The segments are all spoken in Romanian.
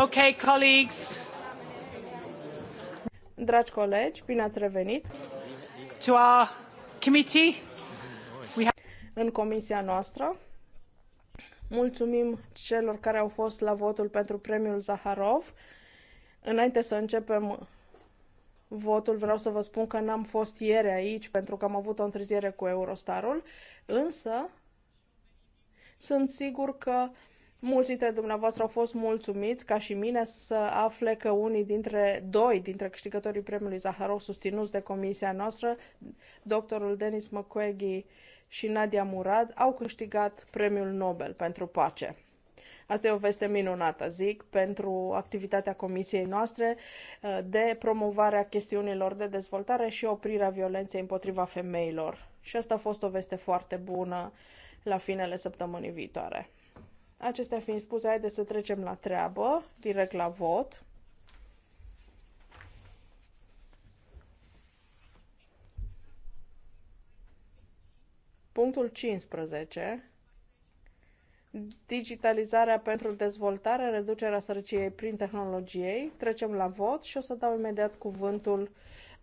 Okay, colleagues. Dragi colegi, bine ați revenit. To our committee. We have... În comisia noastră. Mulțumim celor care au fost la votul pentru premiul Zaharov. Înainte să începem votul, vreau să vă spun că n-am fost ieri aici pentru că am avut o întârziere cu Eurostarul, însă sunt sigur că Mulți dintre dumneavoastră au fost mulțumiți, ca și mine, să afle că unii dintre doi dintre câștigătorii premiului Zaharov susținuți de comisia noastră, doctorul Denis McQuaggy și Nadia Murad, au câștigat premiul Nobel pentru pace. Asta e o veste minunată, zic, pentru activitatea comisiei noastre uh, de promovare a chestiunilor de dezvoltare și oprirea violenței împotriva femeilor. Și asta a fost o veste foarte bună la finele săptămânii viitoare. Acestea fiind spuse, haideți să trecem la treabă, direct la vot. Punctul 15. Digitalizarea pentru dezvoltare, reducerea sărăciei prin tehnologiei. Trecem la vot și o să dau imediat cuvântul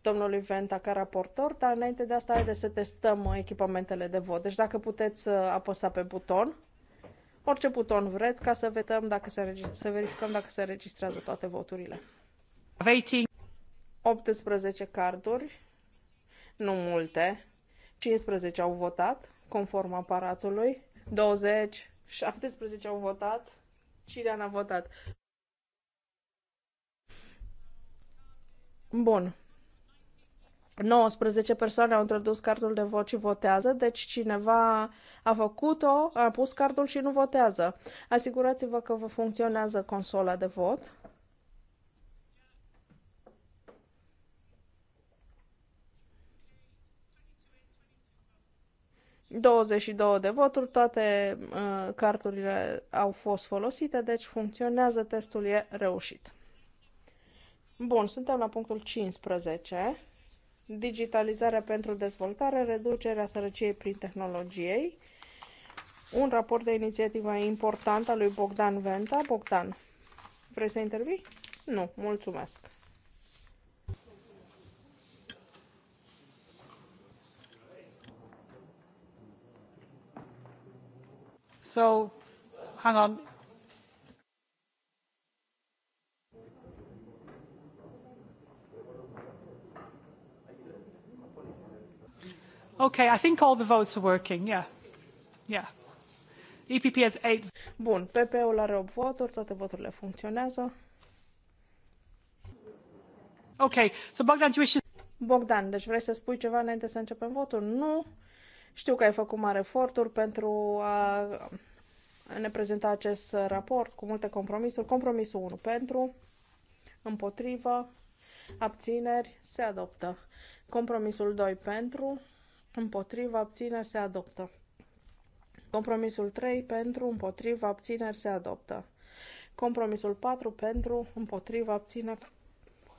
domnului Venta ca raportor, dar înainte de asta haideți să testăm echipamentele de vot. Deci dacă puteți uh, apăsa pe buton orice buton vreți ca să, vedem dacă se, să verificăm dacă se înregistrează toate voturile. 18 carduri, nu multe, 15 au votat, conform aparatului, 20, 17 au votat, Cirean a votat. Bun. 19 persoane au introdus cardul de vot și votează, deci cineva a făcut-o, a pus cardul și nu votează. Asigurați-vă că vă funcționează consola de vot. ...22 de voturi, toate uh, carturile au fost folosite, deci funcționează, testul e reușit. Bun, suntem la punctul 15 digitalizarea pentru dezvoltare, reducerea sărăciei prin tehnologiei. Un raport de inițiativă importantă, a lui Bogdan Venta. Bogdan, vrei să intervii? Nu, mulțumesc. So, hang on. Okay, I think all the votes are working, yeah. Yeah. EPP has eight. Bun, PP-ul are 8 voturi, toate voturile funcționează. Ok, so Bogdan, you wish... Bogdan, deci vrei să spui ceva înainte să începem votul? Nu. Știu că ai făcut mare eforturi pentru a ne prezenta acest raport cu multe compromisuri. Compromisul 1 pentru, împotrivă, abțineri, se adoptă. Compromisul 2 pentru, împotriva abțineri se adoptă. Compromisul 3 pentru, împotriva abțineri se adoptă. Compromisul 4 pentru, împotriva abțineri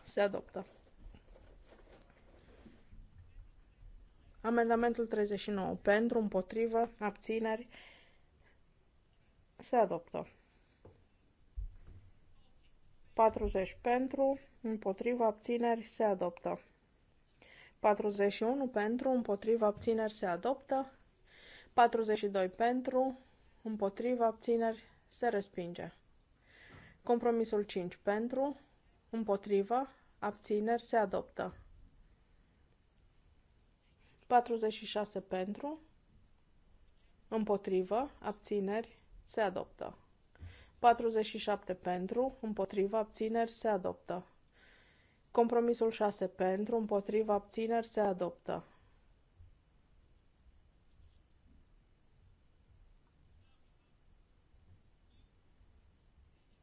se adoptă. Amendamentul 39 pentru, împotriva abțineri se adoptă. 40 pentru, împotriva abțineri se adoptă. 41 pentru, împotriva abțineri se adoptă. 42 pentru, împotriva abțineri se respinge. Compromisul 5 pentru, împotriva abțineri se adoptă. 46 pentru, împotrivă, abțineri, se adoptă. 47 pentru, împotrivă, abțineri, se adoptă. Compromisul 6 pentru, împotriva abțineri se adoptă.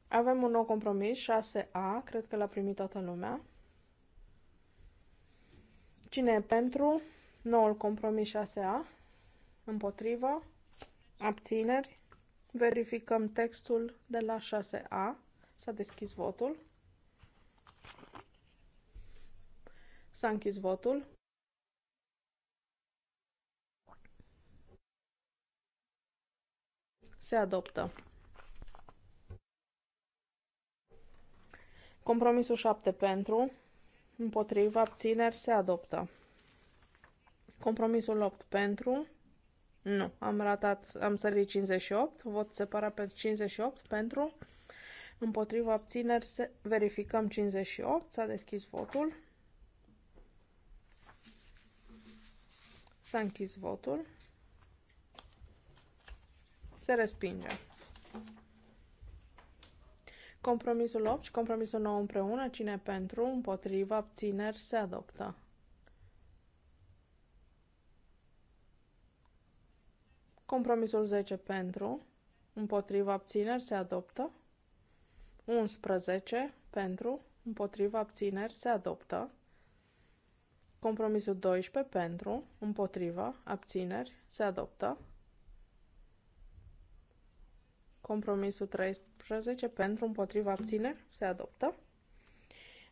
Avem un nou compromis, 6A, cred că l-a primit toată lumea. Cine e pentru? Noul compromis 6A. Împotriva Abțineri. Verificăm textul de la 6A. S-a deschis votul. S-a închis votul. Se adoptă. Compromisul 7 pentru, împotriva, abțineri, se adoptă. Compromisul 8 pentru, nu, am ratat, am sărit 58, vot separat pe 58 pentru, împotriva, abțineri, se, verificăm 58, s-a deschis votul. S-a închis votul. Se respinge. Compromisul 8 și compromisul 9 împreună, cine pentru, împotriva, abțineri, se adoptă. Compromisul 10 pentru, împotriva, abțineri, se adoptă. 11 pentru, împotriva, abțineri, se adoptă. Compromisul 12 pentru, împotriva, abțineri, se adoptă. Compromisul 13 pentru, împotriva, abțineri, se adoptă.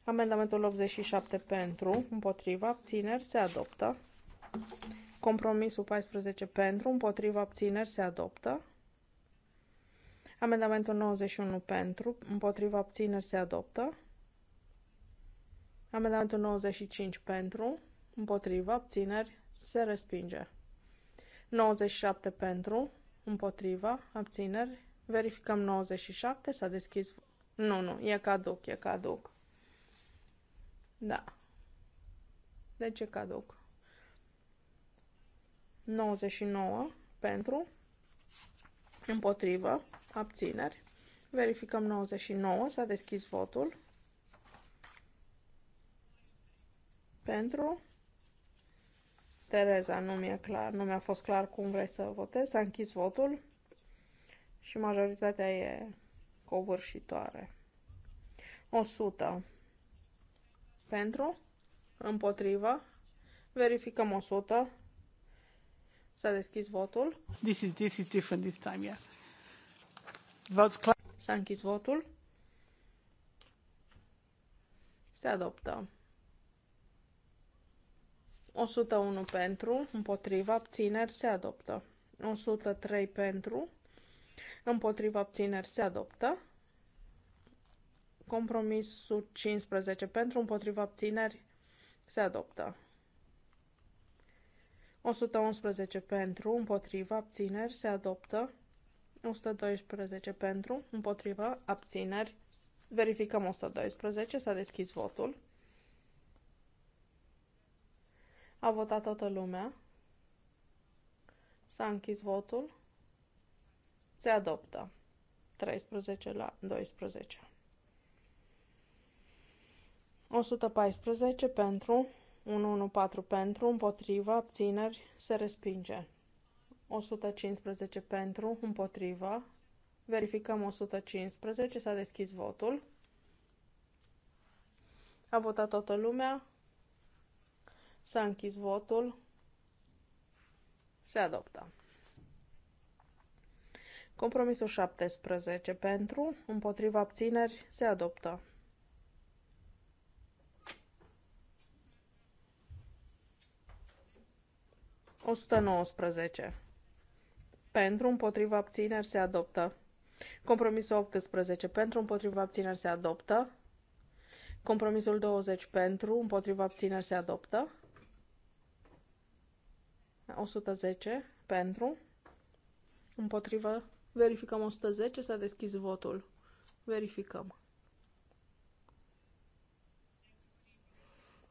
Amendamentul 87 pentru, împotriva, abțineri, se adoptă. Compromisul 14 pentru, împotriva, abțineri, se adoptă. Amendamentul 91 pentru, împotriva, abțineri, se adoptă. Amendamentul 95 pentru, împotrivă, abțineri, se respinge. 97 pentru, împotrivă, abțineri, verificăm 97, s-a deschis... Nu, nu, e caduc, e caduc. Da. Deci ce caduc. 99 pentru, împotrivă, abțineri. Verificăm 99, s-a deschis votul. Pentru. Tereza, nu mi-a clar, nu mi-a fost clar cum vrei să votez. S-a închis votul și majoritatea e covârșitoare. 100. Pentru. Împotriva. Verificăm 100. S-a deschis votul. This is, this is different this time, yeah. Votes S-a închis votul. Se adoptă. 101 pentru, împotriva abțineri se adoptă. 103 pentru, împotriva abțineri se adoptă. Compromisul 15 pentru, împotriva abțineri se adoptă. 111 pentru, împotriva abțineri se adoptă. 112 pentru, împotriva abțineri. Verificăm 112, s-a deschis votul. A votat toată lumea. S-a închis votul. Se adoptă. 13 la 12. 114 pentru, 114 pentru, împotriva, abțineri, se respinge. 115 pentru, împotriva, verificăm 115, s-a deschis votul. A votat toată lumea, S-a închis votul. Se adoptă. Compromisul 17 pentru, împotriva abțineri, se adoptă. ...119. Pentru, împotriva abțineri, se adoptă. Compromisul 18. Pentru, împotriva abțineri, se adoptă. Compromisul 20. Pentru, împotriva abțineri, se adoptă. 110 pentru, împotrivă, verificăm 110, s-a deschis votul. Verificăm.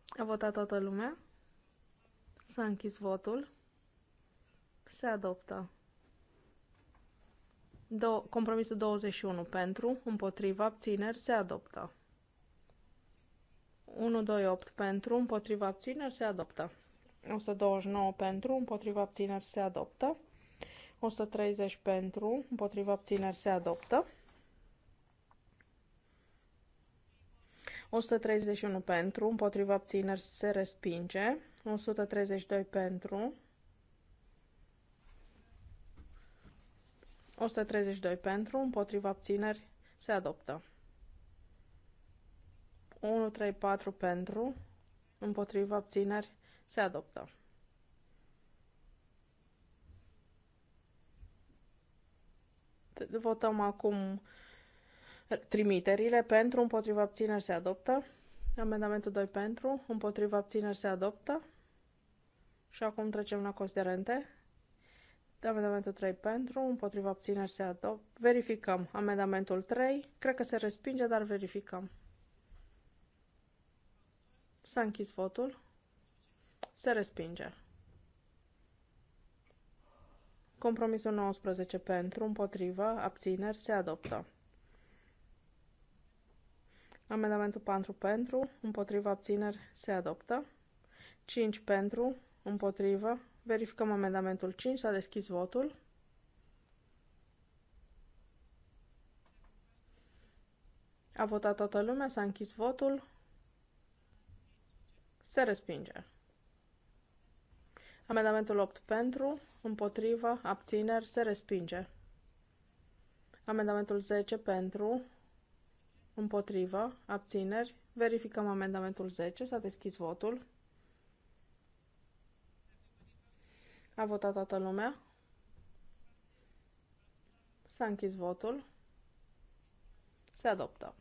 A votat toată lumea. S-a închis votul. Se adoptă. Do compromisul 21 pentru, împotriva, abțineri, se adoptă. 1, 2, 8 pentru, împotriva, abțineri, se adoptă. 129 pentru, împotriva abțineri se adoptă. 130 pentru, împotriva abțineri se adoptă. 131 pentru, împotriva abțineri se respinge. 132 pentru. 132 pentru, împotriva abțineri se adoptă. 134 pentru, împotriva abțineri se adoptă. Votăm acum trimiterile pentru, împotriva abțineri se adoptă. Amendamentul 2 pentru, împotriva abțineri se adoptă. Și acum trecem la considerente. Amendamentul 3 pentru, împotriva abțineri se adoptă. Verificăm. Amendamentul 3, cred că se respinge, dar verificăm. S-a închis votul. Se respinge. Compromisul 19 pentru, împotrivă, abțineri, se adoptă. Amendamentul 4 pentru, împotrivă, abțineri, se adoptă. 5 pentru, împotrivă, verificăm amendamentul 5, s-a deschis votul. A votat toată lumea, s-a închis votul. Se respinge. Amendamentul 8 pentru, împotrivă, abțineri, se respinge. Amendamentul 10 pentru, împotrivă, abțineri. Verificăm amendamentul 10. S-a deschis votul. A votat toată lumea. S-a închis votul. Se adoptă.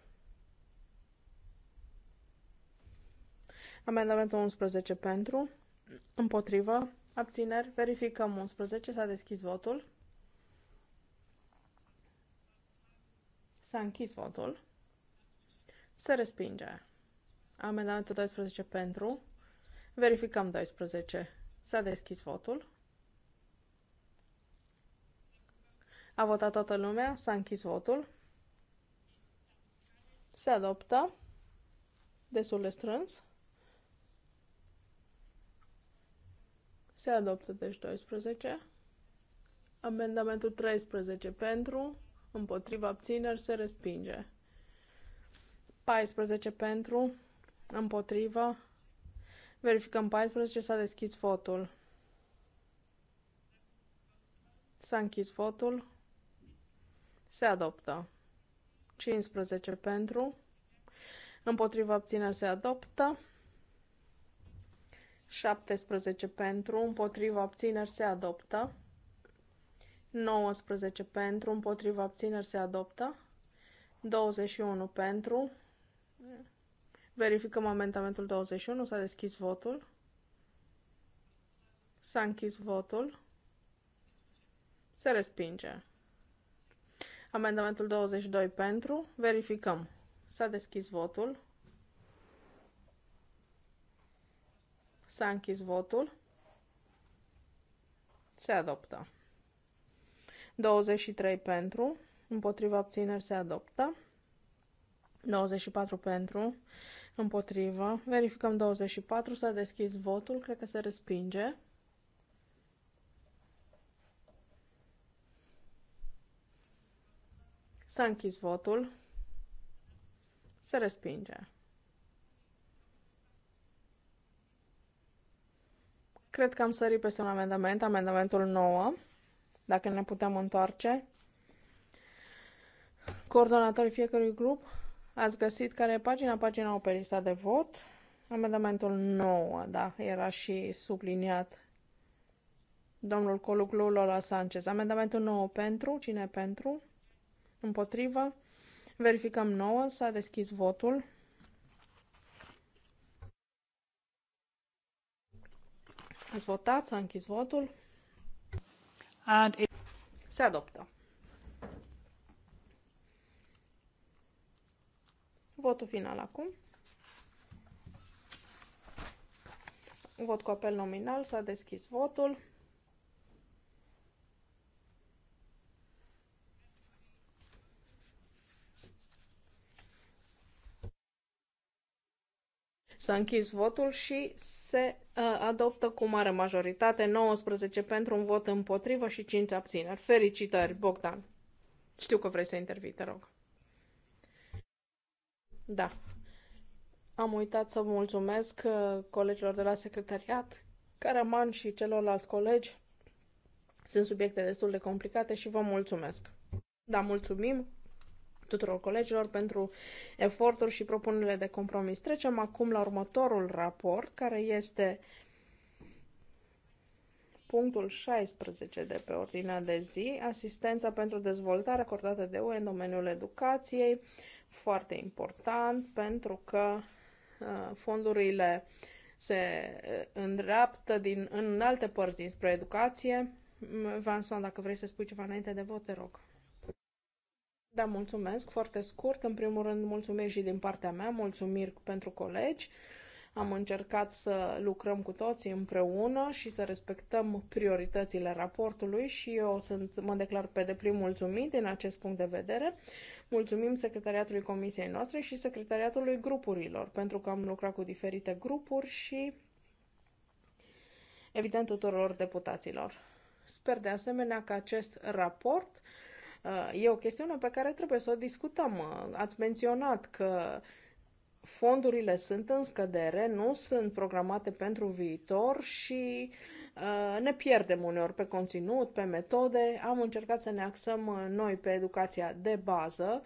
Amendamentul 11 pentru, împotrivă, Abțineri. Verificăm 11. S-a deschis votul. S-a închis votul. Se respinge. Amendamentul 12 pentru. Verificăm 12. S-a deschis votul. A votat toată lumea. S-a închis votul. Se adoptă. Destul de strâns. Se adoptă deci 12. Amendamentul 13 pentru, împotriva abțineri se respinge. 14 pentru, împotriva. Verificăm 14, s-a deschis votul. S-a închis votul. Se adoptă. 15 pentru, împotriva abțineri se adoptă. 17 pentru, împotriva abțineri se adoptă. 19 pentru, împotriva abțineri se adoptă. 21 pentru. Verificăm amendamentul 21, s-a deschis votul. S-a închis votul. Se respinge. Amendamentul 22 pentru. Verificăm. S-a deschis votul. S-a închis votul. Se adoptă. 23 pentru, împotriva abțineri se adoptă. 24 pentru, împotriva. Verificăm 24, s-a deschis votul, cred că se respinge. S-a închis votul. Se respinge. Cred că am sărit peste un amendament, amendamentul 9, dacă ne putem întoarce. Coordonatorii fiecărui grup, ați găsit care e pagina, pagina 8 pe lista de vot. Amendamentul 9, da, era și subliniat domnul Coluclu Lola Sanchez. Amendamentul 9 pentru, cine pentru? Împotrivă. Verificăm 9, s-a deschis votul. Ați votat, s-a închis votul. And it... Se adoptă. Votul final acum. Vot cu apel nominal, s-a deschis votul. S-a închis votul și se uh, adoptă cu mare majoritate, 19 pentru un vot împotrivă și 5 abțineri. Felicitări, Bogdan! Știu că vrei să intervii, te rog. Da. Am uitat să mulțumesc uh, colegilor de la secretariat, Caraman și celorlalți colegi. Sunt subiecte destul de complicate și vă mulțumesc. Da, mulțumim! tuturor colegilor pentru eforturi și propunerile de compromis. Trecem acum la următorul raport, care este punctul 16 de pe ordinea de zi, asistența pentru dezvoltare acordată de UE în domeniul educației, foarte important pentru că uh, fondurile se uh, îndreaptă din, în alte părți dinspre educație. Vanson, dacă vrei să spui ceva înainte de vot, te rog. Da, mulțumesc foarte scurt. În primul rând, mulțumesc și din partea mea, mulțumiri pentru colegi. Am încercat să lucrăm cu toții împreună și să respectăm prioritățile raportului și eu sunt, mă declar pe deplin mulțumit din acest punct de vedere. Mulțumim secretariatului comisiei noastre și secretariatului grupurilor, pentru că am lucrat cu diferite grupuri și, evident, tuturor deputaților. Sper de asemenea că acest raport E o chestiune pe care trebuie să o discutăm. Ați menționat că fondurile sunt în scădere, nu sunt programate pentru viitor și uh, ne pierdem uneori pe conținut, pe metode. Am încercat să ne axăm uh, noi pe educația de bază,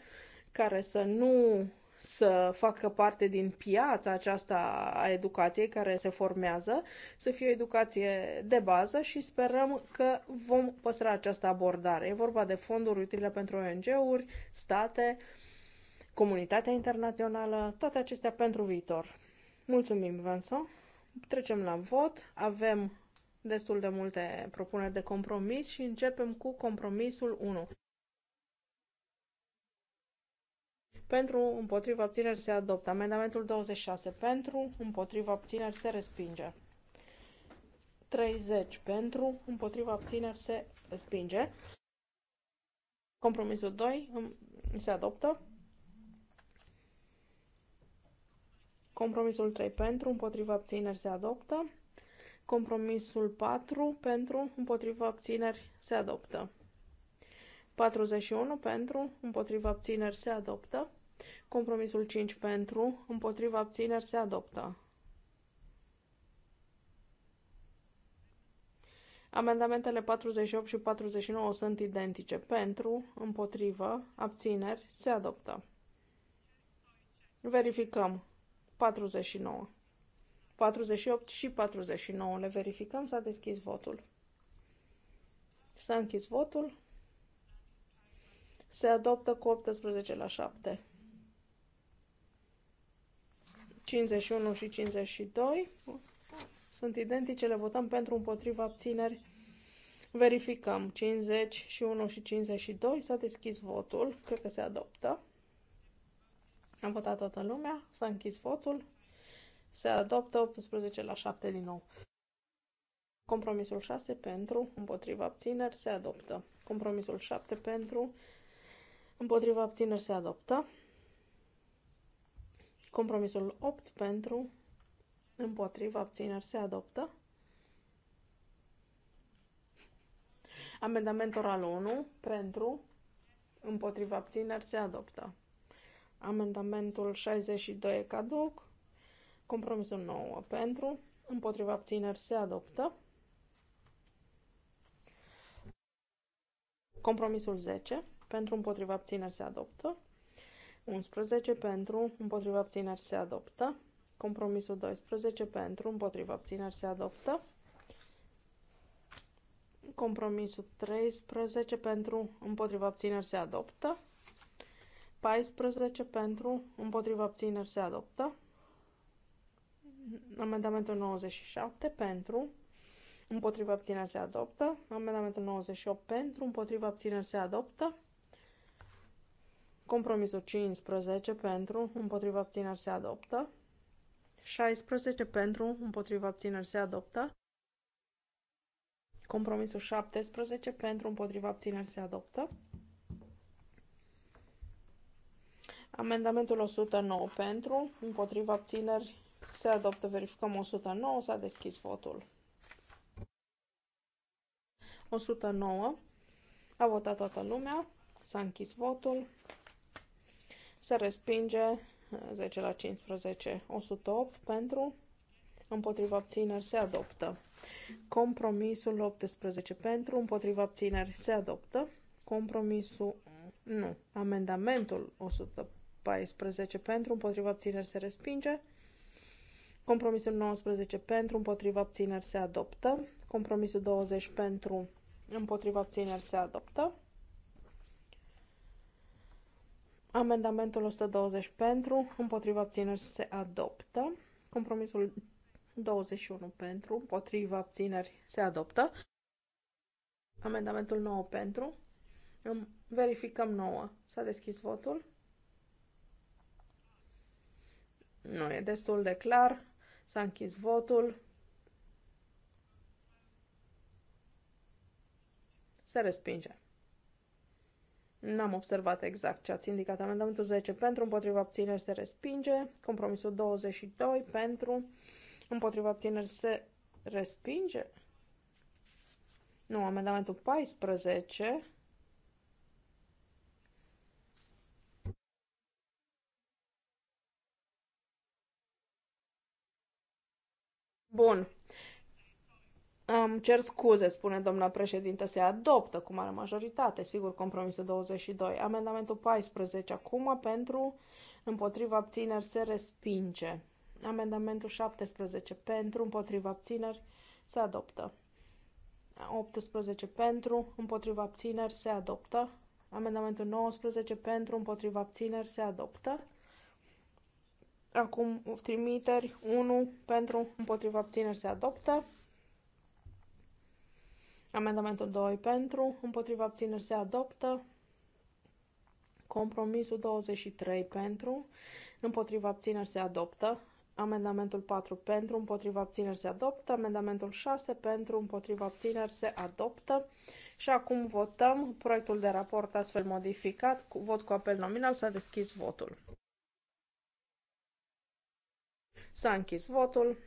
care să nu să facă parte din piața aceasta a educației care se formează, să fie o educație de bază și sperăm că vom păstra această abordare. E vorba de fonduri utile pentru ONG-uri, state, comunitatea internațională, toate acestea pentru viitor. Mulțumim, Vincent! Trecem la vot. Avem destul de multe propuneri de compromis și începem cu compromisul 1. pentru, împotriva abțineri se adoptă. Amendamentul 26 pentru, împotriva abțineri se respinge. 30 pentru, împotriva abțineri se respinge. Compromisul 2 se adoptă. Compromisul 3 pentru, împotriva abțineri se adoptă. Compromisul 4 pentru, împotriva abțineri se adoptă. 41 pentru, împotriva abțineri se adoptă. Compromisul 5 pentru, împotriva abțineri se adoptă. Amendamentele 48 și 49 sunt identice. Pentru, împotrivă, abțineri, se adoptă. Verificăm. 49. 48 și 49 le verificăm. S-a deschis votul. S-a închis votul. Se adoptă cu 18 la 7. 51 și 52 sunt identice, le votăm pentru împotriva abțineri. Verificăm 51 și 52, s-a deschis votul, cred că se adoptă. Am votat toată lumea, s-a închis votul, se adoptă 18 la 7 din nou. Compromisul 6 pentru, împotriva abțineri, se adoptă. Compromisul 7 pentru, împotriva abțineri, se adoptă. Compromisul 8 pentru, împotriva, abțineri se adoptă. Amendament oral 1 pentru, împotriva, abțineri se adoptă. Amendamentul 62 e caduc. Compromisul 9 pentru, împotriva, abțineri se adoptă. Compromisul 10 pentru, împotriva, abțineri se adoptă. 11 pentru, împotriva abțineri se adoptă. Compromisul 12 pentru, împotriva abțineri se adoptă. Compromisul 13 pentru, împotriva abțineri se adoptă. 14 pentru, împotriva abțineri se adoptă. Amendamentul 97 pentru, împotriva abțineri se adoptă. Amendamentul 98 pentru, împotriva abțineri se adoptă. Compromisul 15 pentru, împotriva abțineri se adoptă. 16 pentru, împotriva abțineri se adoptă. Compromisul 17 pentru, împotriva abțineri se adoptă. Amendamentul 109 pentru, împotriva abțineri se adoptă. Verificăm 109, s-a deschis votul. 109, a votat toată lumea, s-a închis votul se respinge 10 uh, la 15, 108 pentru, împotriva abțineri se adoptă. Compromisul 18 pentru, împotriva abțineri se adoptă. Compromisul, nu, amendamentul 114 pentru, împotriva abțineri se respinge. Compromisul 19 pentru, împotriva abțineri se adoptă. Compromisul 20 pentru, împotriva abțineri se adoptă. Amendamentul 120 pentru, împotriva abțineri se adoptă. Compromisul 21 pentru, împotriva abțineri se adoptă. Amendamentul 9 pentru. Verificăm 9. S-a deschis votul. Nu e destul de clar. S-a închis votul. Se respinge. N-am observat exact ce ați indicat. Amendamentul 10 pentru, împotriva abțineri se respinge. Compromisul 22 pentru, împotriva abțineri se respinge. Nu, amendamentul 14 Bun. Îmi cer scuze, spune domnul președinte, se adoptă cu mare majoritate, sigur, compromisul 22. Amendamentul 14 acum pentru, împotriva abțineri se respinge. Amendamentul 17 pentru, împotriva abțineri se adoptă. 18 pentru, împotriva abțineri se adoptă. Amendamentul 19 pentru, împotriva abțineri se adoptă. Acum trimiteri 1 pentru, împotriva abțineri se adoptă. Amendamentul 2 pentru, împotriva abțineri se adoptă. Compromisul 23 pentru, împotriva abțineri se adoptă. Amendamentul 4 pentru, împotriva abțineri se adoptă. Amendamentul 6 pentru, împotriva abțineri se adoptă. Și acum votăm proiectul de raport astfel modificat. Cu vot cu apel nominal s-a deschis votul. S-a închis votul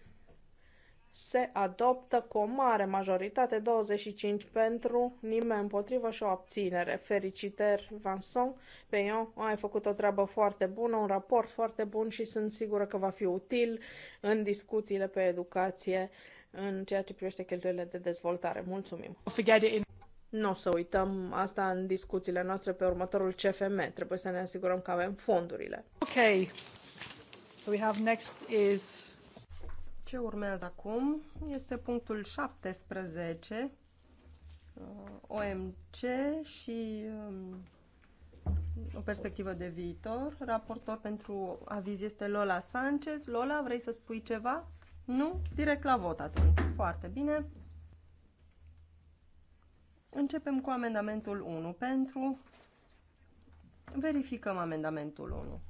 se adoptă cu o mare majoritate, 25 pentru, nimeni împotrivă și o abținere. Felicitări, Vincent, pe eu, ai făcut o treabă foarte bună, un raport foarte bun și sunt sigură că va fi util în discuțiile pe educație în ceea ce privește cheltuielile de dezvoltare. Mulțumim! Nu o să uităm asta în discuțiile noastre pe următorul CFM. Trebuie să ne asigurăm că avem fondurile. Ok. So we have next is ce urmează acum este punctul 17, uh, OMC și um, o perspectivă de viitor. Raportor pentru aviz este Lola Sanchez. Lola, vrei să spui ceva? Nu? Direct la vot atunci. Foarte bine. Începem cu amendamentul 1 pentru... Verificăm amendamentul 1.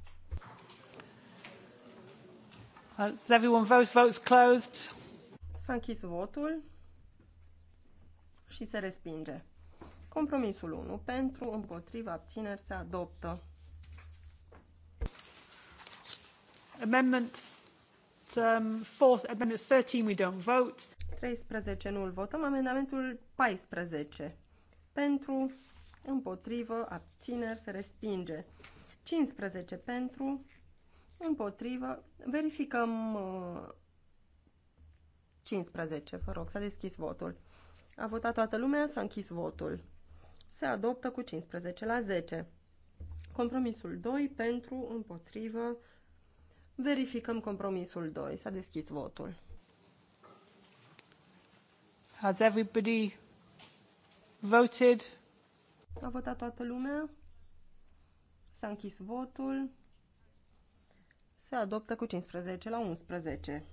S-a închis votul și se respinge. Compromisul 1 pentru, împotriva, abțineri se adoptă. Amendment um, fourth, amendment 13 we don't vote. 13 nu-l votăm, amendamentul 14. Pentru, împotrivă, abțineri se respinge. 15 pentru, Împotrivă. Verificăm uh, 15. Vă rog, s-a deschis votul. A votat toată lumea, s-a închis votul. Se adoptă cu 15 la 10. Compromisul 2 pentru, împotrivă. Verificăm compromisul 2. S-a deschis votul. Has everybody voted? A votat toată lumea. S-a închis votul se adoptă cu 15 la 11.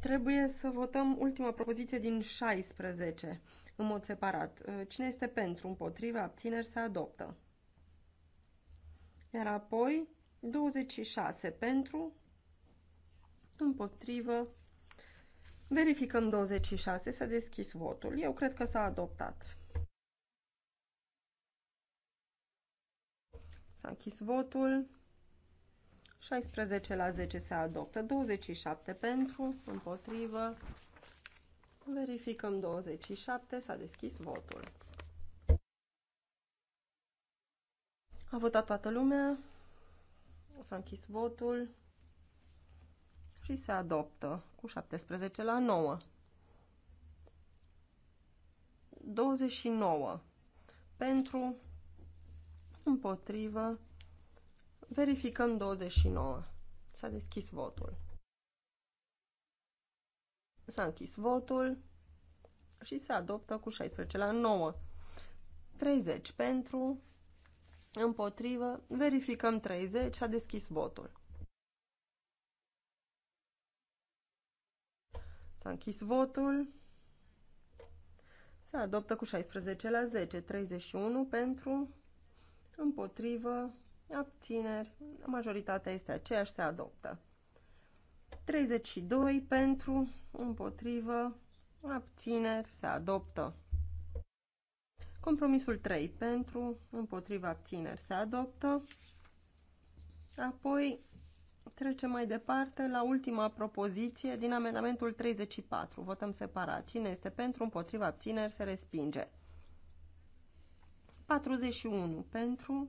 Trebuie să votăm ultima propoziție din 16, în mod separat. Uh, cine este pentru, împotriva, abțineri, se adoptă. Iar apoi 26 pentru, împotrivă, verificăm 26, s-a deschis votul. Eu cred că s-a adoptat. S-a închis votul. 16 la 10 se adoptă. 27 pentru, împotrivă. Verificăm 27, s-a deschis votul. A votat toată lumea, s-a închis votul și se adoptă cu 17 la 9. 29 pentru, împotrivă, verificăm 29. S-a deschis votul. S-a închis votul și se adoptă cu 16 la 9. 30 pentru, împotrivă, verificăm 30, s-a deschis votul. S-a închis votul. Se adoptă cu 16 la 10, 31 pentru, împotrivă, abțineri, majoritatea este aceeași, se adoptă. 32 pentru, împotrivă, abțineri, se adoptă. Compromisul 3 pentru, împotrivă, abțineri, se adoptă. Apoi trecem mai departe la ultima propoziție din amendamentul 34. Votăm separat. Cine este pentru, împotrivă, abțineri, se respinge. 41 pentru,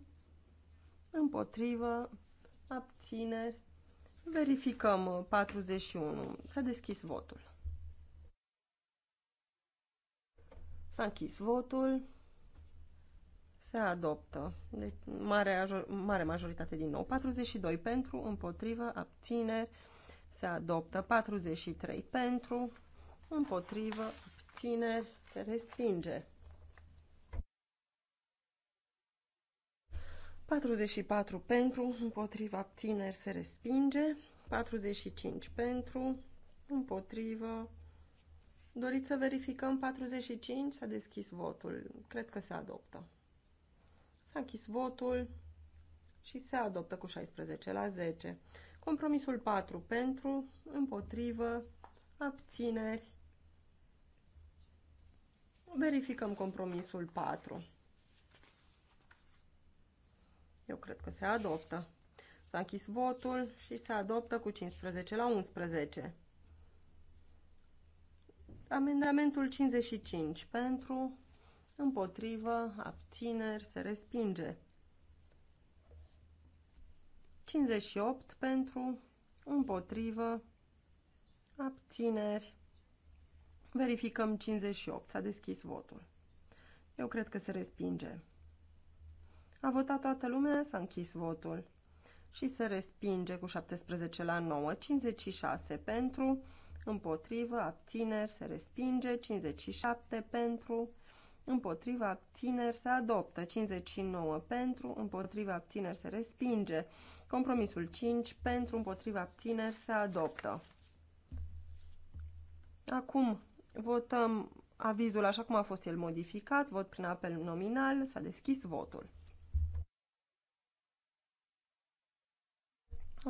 împotrivă, abțineri. Verificăm 41. Uh, S-a deschis votul. S-a închis votul. Se adoptă. Deci, mare, mare majoritate din nou. 42 pentru, împotrivă, abțineri. Se adoptă. 43 pentru, împotrivă, abțineri. Se respinge. 44 pentru, împotriva abțineri se respinge, 45 pentru, împotrivă. Doriți să verificăm 45? S-a deschis votul. Cred că se adoptă. S-a închis votul și se adoptă cu 16 la 10. Compromisul 4 pentru, împotrivă, abțineri. Verificăm compromisul 4. Eu cred că se adoptă. S-a închis votul și se adoptă cu 15 la 11. Amendamentul 55 pentru, împotrivă, abțineri, se respinge. 58 pentru, împotrivă, abțineri. Verificăm 58. S-a deschis votul. Eu cred că se respinge. A votat toată lumea, s-a închis votul. Și se respinge cu 17 la 9, 56 pentru, împotrivă, abțineri, se respinge, 57 pentru, împotrivă, abțineri se adoptă, 59 pentru, împotrivă, abțineri se respinge, compromisul 5 pentru, împotrivă, abțineri se adoptă. Acum votăm avizul așa cum a fost el modificat, vot prin apel nominal, s-a deschis votul.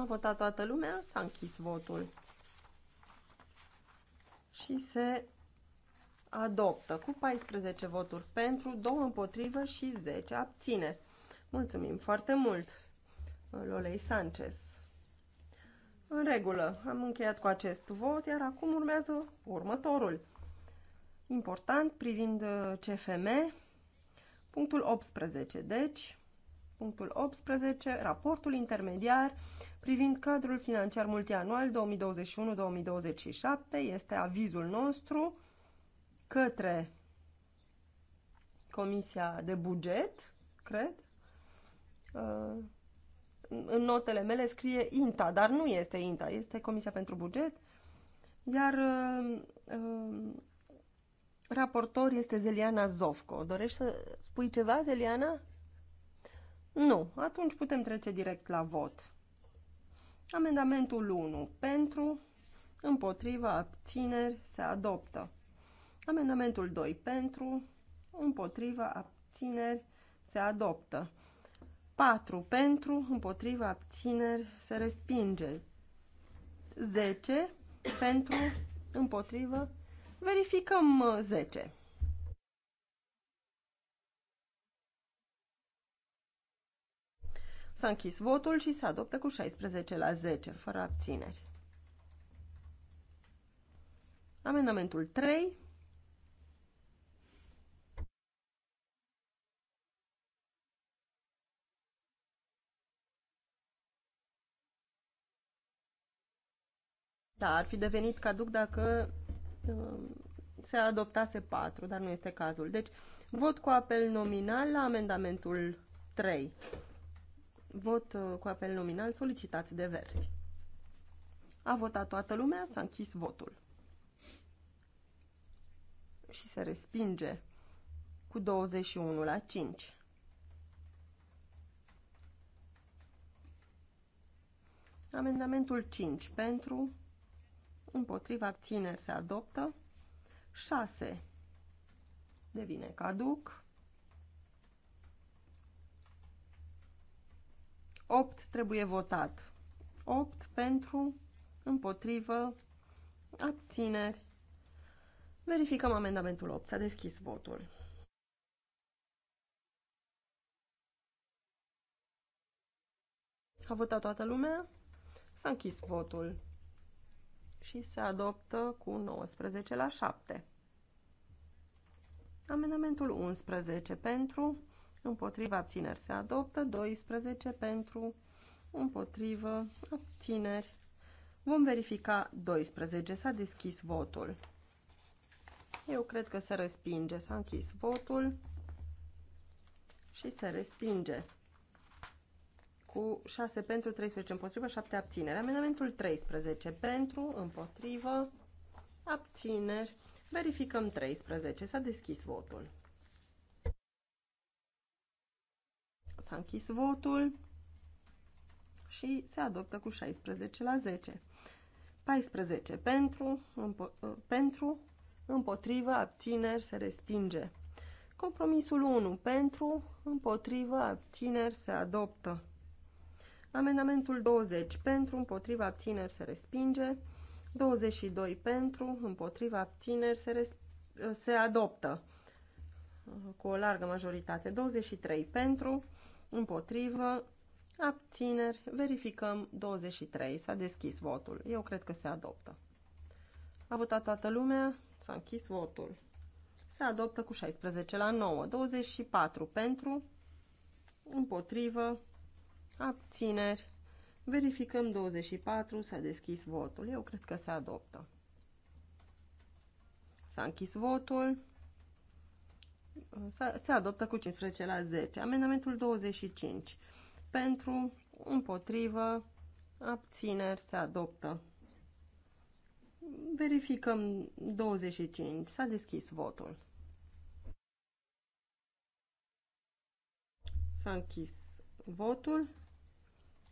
A votat toată lumea, s-a închis votul. Și se adoptă cu 14 voturi pentru, 2 împotrivă și 10 abține. Mulțumim foarte mult, Lolei Sanchez. În regulă, am încheiat cu acest vot, iar acum urmează următorul. Important, privind uh, CFM, punctul 18, deci Punctul 18. Raportul intermediar privind cadrul financiar multianual 2021-2027 este avizul nostru către Comisia de Buget, cred. Uh, în notele mele scrie INTA, dar nu este INTA, este Comisia pentru Buget. Iar uh, uh, raportor este Zeliana Zovco. Dorești să spui ceva, Zeliana? Nu. Atunci putem trece direct la vot. Amendamentul 1. Pentru, împotriva, abțineri, se adoptă. Amendamentul 2. Pentru, împotriva, abțineri, se adoptă. 4. Pentru, împotriva, abțineri, se respinge. 10. Pentru, împotrivă, verificăm 10. Uh, S-a închis votul și se adoptă cu 16 la 10, fără abțineri. Amendamentul 3. Da, ar fi devenit caduc dacă uh, se adoptase 4, dar nu este cazul. Deci, vot cu apel nominal la amendamentul 3. Vot uh, cu apel nominal solicitați de versi. A votat toată lumea, s-a închis votul. Și se respinge cu 21 la 5. Amendamentul 5 pentru, împotriva abțineri se adoptă, 6 devine caduc, 8 trebuie votat. 8 pentru, împotrivă, abțineri. Verificăm amendamentul 8. S-a deschis votul. A votat toată lumea? S-a închis votul și se adoptă cu 19 la 7. Amendamentul 11 pentru, Împotriva abțineri se adoptă, 12 pentru, împotrivă, abțineri. Vom verifica 12, s-a deschis votul. Eu cred că se respinge, s-a închis votul și se respinge cu 6 pentru, 13 împotrivă, 7 abțineri. Amendamentul 13 pentru, împotrivă, abțineri. Verificăm 13. S-a deschis votul. S-a închis votul și se adoptă cu 16 la 10. 14 pentru, împo uh, pentru împotrivă, abțineri, se respinge. Compromisul 1 pentru, împotrivă, abțineri, se adoptă. Amendamentul 20 pentru, împotrivă, abțineri, se respinge. 22 pentru, împotrivă, abțineri, se, se adoptă cu o largă majoritate. 23 pentru, împotrivă, abțineri, verificăm 23, s-a deschis votul. Eu cred că se adoptă. A votat toată lumea, s-a închis votul. Se adoptă cu 16 la 9, 24 pentru, împotrivă, abțineri, verificăm 24, s-a deschis votul. Eu cred că se adoptă. S-a închis votul, se adoptă cu 15 la 10. Amendamentul 25. Pentru, împotrivă, abțineri se adoptă. Verificăm 25. S-a deschis votul. S-a închis votul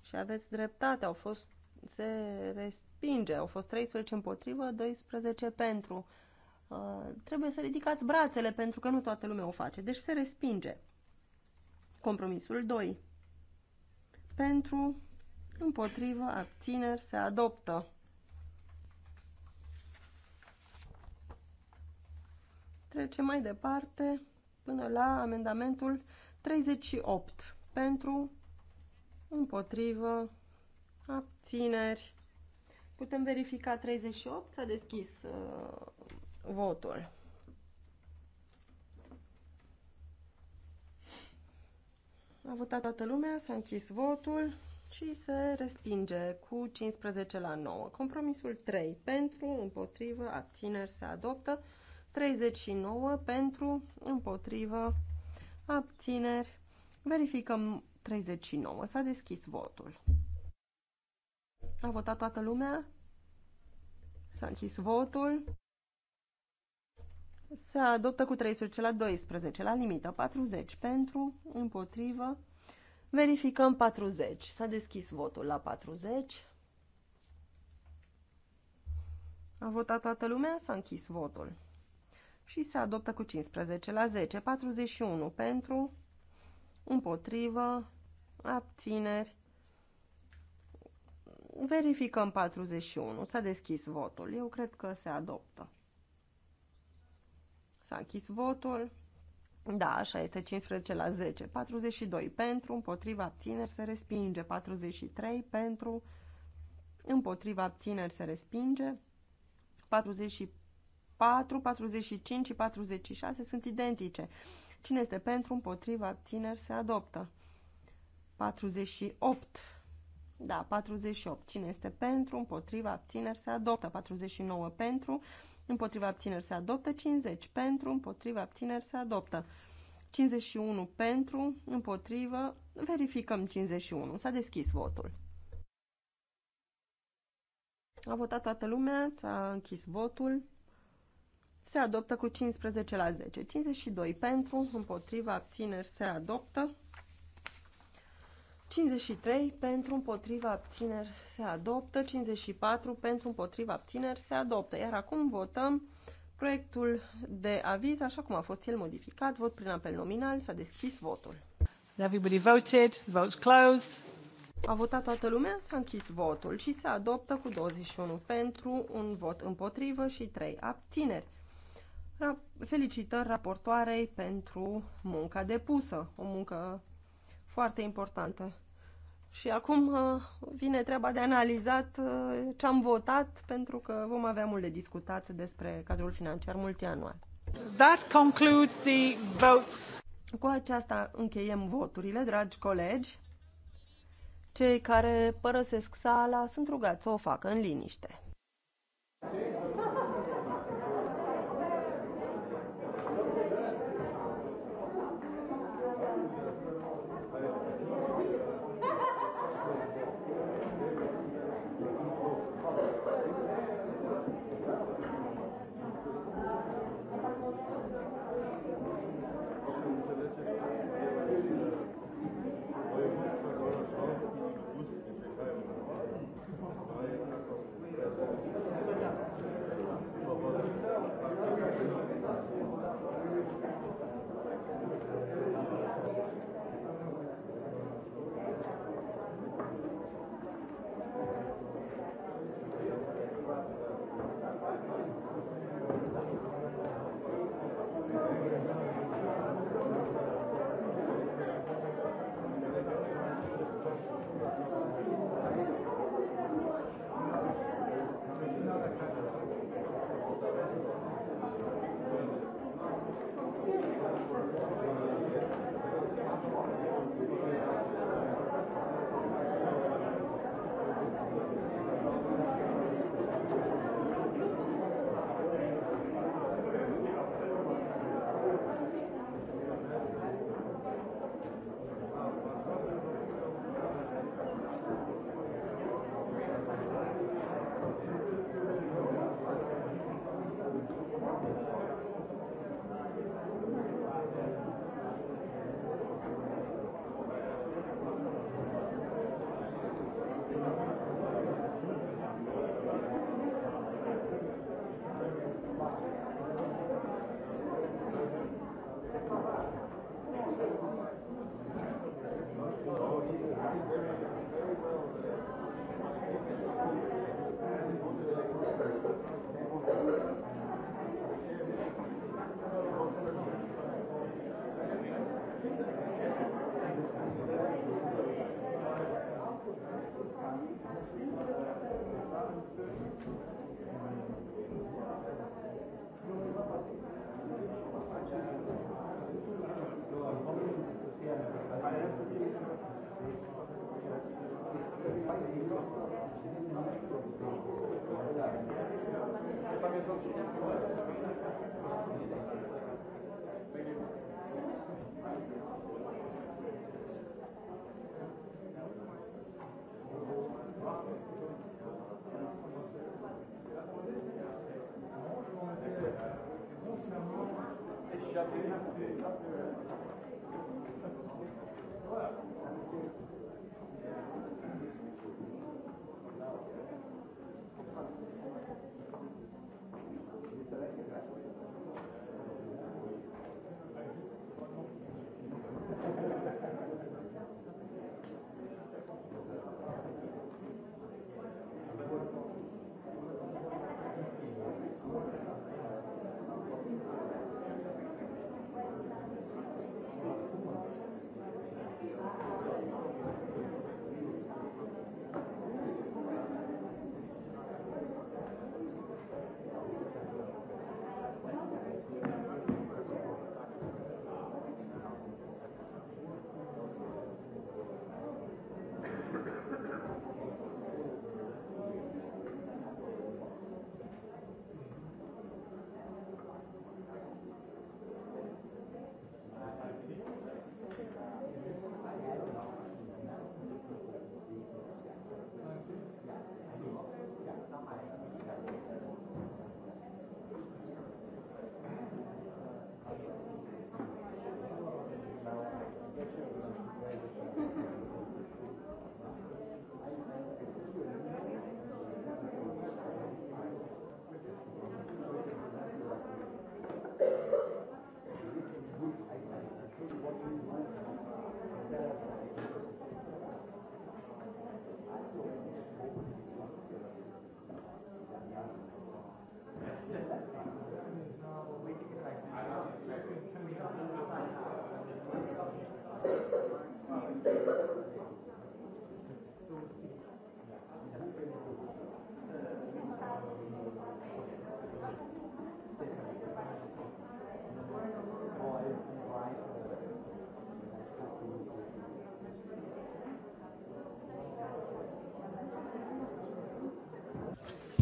și aveți dreptate. Au fost, se respinge. Au fost 13 împotrivă, 12 pentru. Uh, trebuie să ridicați brațele pentru că nu toată lumea o face. Deci se respinge. Compromisul 2. Pentru, împotrivă, abțineri, se adoptă. Trecem mai departe până la amendamentul 38. Pentru, împotrivă, abțineri. Putem verifica 38, s-a deschis uh, votul. A votat toată lumea, s-a închis votul și se respinge cu 15 la 9. Compromisul 3 pentru, împotrivă, abțineri se adoptă. 39 pentru, împotrivă, abțineri. Verificăm 39. S-a deschis votul. A votat toată lumea? S-a închis votul se adoptă cu 13 la 12, la limită 40 pentru, împotrivă. Verificăm 40. S-a deschis votul la 40. A votat toată lumea, s-a închis votul. Și se adoptă cu 15 la 10, 41 pentru, împotrivă, abțineri. Verificăm 41. S-a deschis votul. Eu cred că se adoptă. S-a închis votul. Da, așa este 15 la 10. 42 pentru, împotriva abțineri se respinge. 43 pentru, împotriva abțineri se respinge. 44, 45 și 46 sunt identice. Cine este pentru, împotriva abțineri se adoptă. 48. Da, 48. Cine este pentru, împotriva abțineri se adoptă. 49 pentru, împotriva abțineri se adoptă, 50 pentru, împotriva abțineri se adoptă, 51 pentru, împotrivă, verificăm 51, s-a deschis votul. A votat toată lumea, s-a închis votul, se adoptă cu 15 la 10, 52 pentru, împotriva abțineri se adoptă, 53 pentru împotriva abțineri se adoptă, 54 pentru împotriva abțineri se adoptă. Iar acum votăm proiectul de aviz, așa cum a fost el modificat, vot prin apel nominal, s-a deschis votul. Everybody voted, votes close. A votat toată lumea, s-a închis votul și se adoptă cu 21 pentru, un vot împotrivă și 3 abțineri. felicitări raportoarei pentru munca depusă, o muncă foarte importantă. Și acum uh, vine treaba de analizat uh, ce am votat, pentru că vom avea mult de discutat despre cadrul financiar multianual. That concludes the votes. Cu aceasta încheiem voturile, dragi colegi. Cei care părăsesc sala sunt rugați să o facă în liniște.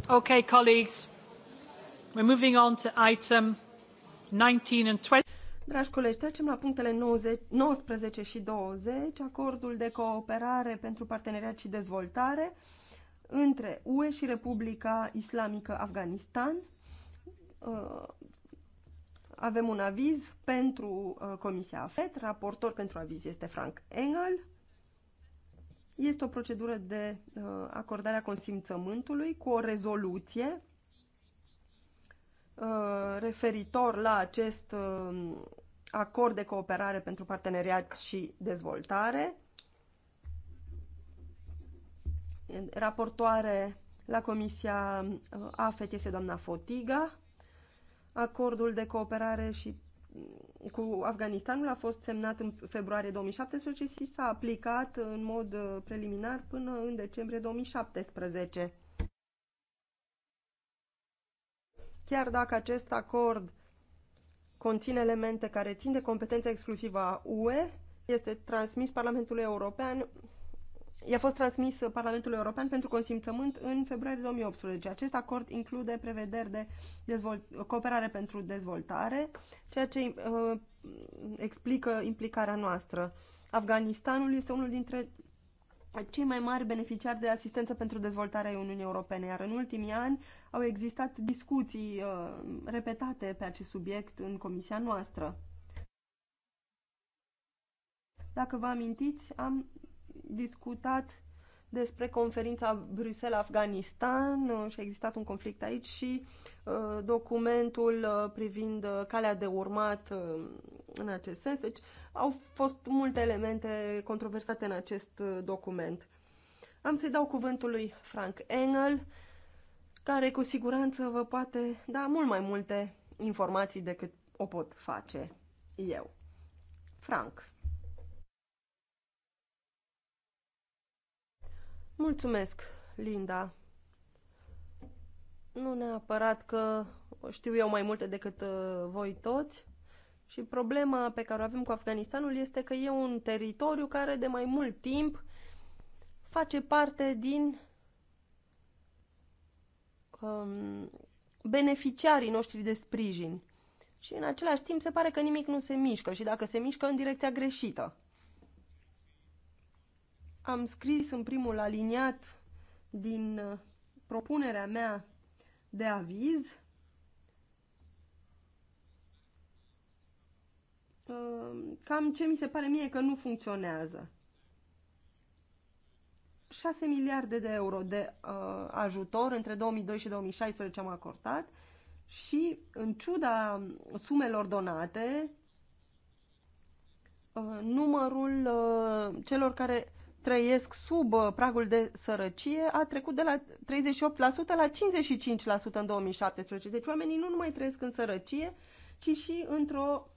Okay, colleagues, we're moving on to item 19 and 20. Dragi colegi, trecem la punctele 19 și 20, acordul de cooperare pentru parteneriat și dezvoltare între UE și Republica Islamică Afganistan. Uh, avem un aviz pentru uh, Comisia AFET, raportor pentru aviz este Frank Engel este o procedură de uh, acordare a consimțământului cu o rezoluție uh, referitor la acest uh, acord de cooperare pentru parteneriat și dezvoltare. Raportoare la Comisia uh, AFET este doamna Fotiga. Acordul de cooperare și cu Afganistanul a fost semnat în februarie 2017 și s-a aplicat în mod uh, preliminar până în decembrie 2017. Chiar dacă acest acord conține elemente care țin de competența exclusivă a UE, este transmis Parlamentului European i-a fost transmis Parlamentului European pentru consimțământ în februarie 2018. Acest acord include prevederi de cooperare pentru dezvoltare, ceea ce uh, explică implicarea noastră. Afganistanul este unul dintre cei mai mari beneficiari de asistență pentru dezvoltarea Uniunii Europene, iar în ultimii ani au existat discuții uh, repetate pe acest subiect în comisia noastră. Dacă vă amintiți, am discutat despre conferința Bruxelles-Afganistan uh, și a existat un conflict aici și uh, documentul uh, privind calea de urmat în acest sens. Deci au fost multe elemente controversate în acest document. Am să-i dau cuvântul lui Frank Engel, care cu siguranță vă poate da mult mai multe informații decât o pot face eu. Frank. Mulțumesc, Linda. Nu neapărat că știu eu mai multe decât uh, voi toți și problema pe care o avem cu Afganistanul este că e un teritoriu care de mai mult timp face parte din um, beneficiarii noștri de sprijin. Și în același timp se pare că nimic nu se mișcă și dacă se mișcă în direcția greșită am scris în primul aliniat din uh, propunerea mea de aviz uh, cam ce mi se pare mie că nu funcționează. 6 miliarde de euro de uh, ajutor între 2002 și 2016 am acordat și în ciuda sumelor donate, uh, numărul uh, celor care trăiesc sub uh, pragul de sărăcie a trecut de la 38% la 55% în 2017. Deci oamenii nu numai trăiesc în sărăcie, ci și într-o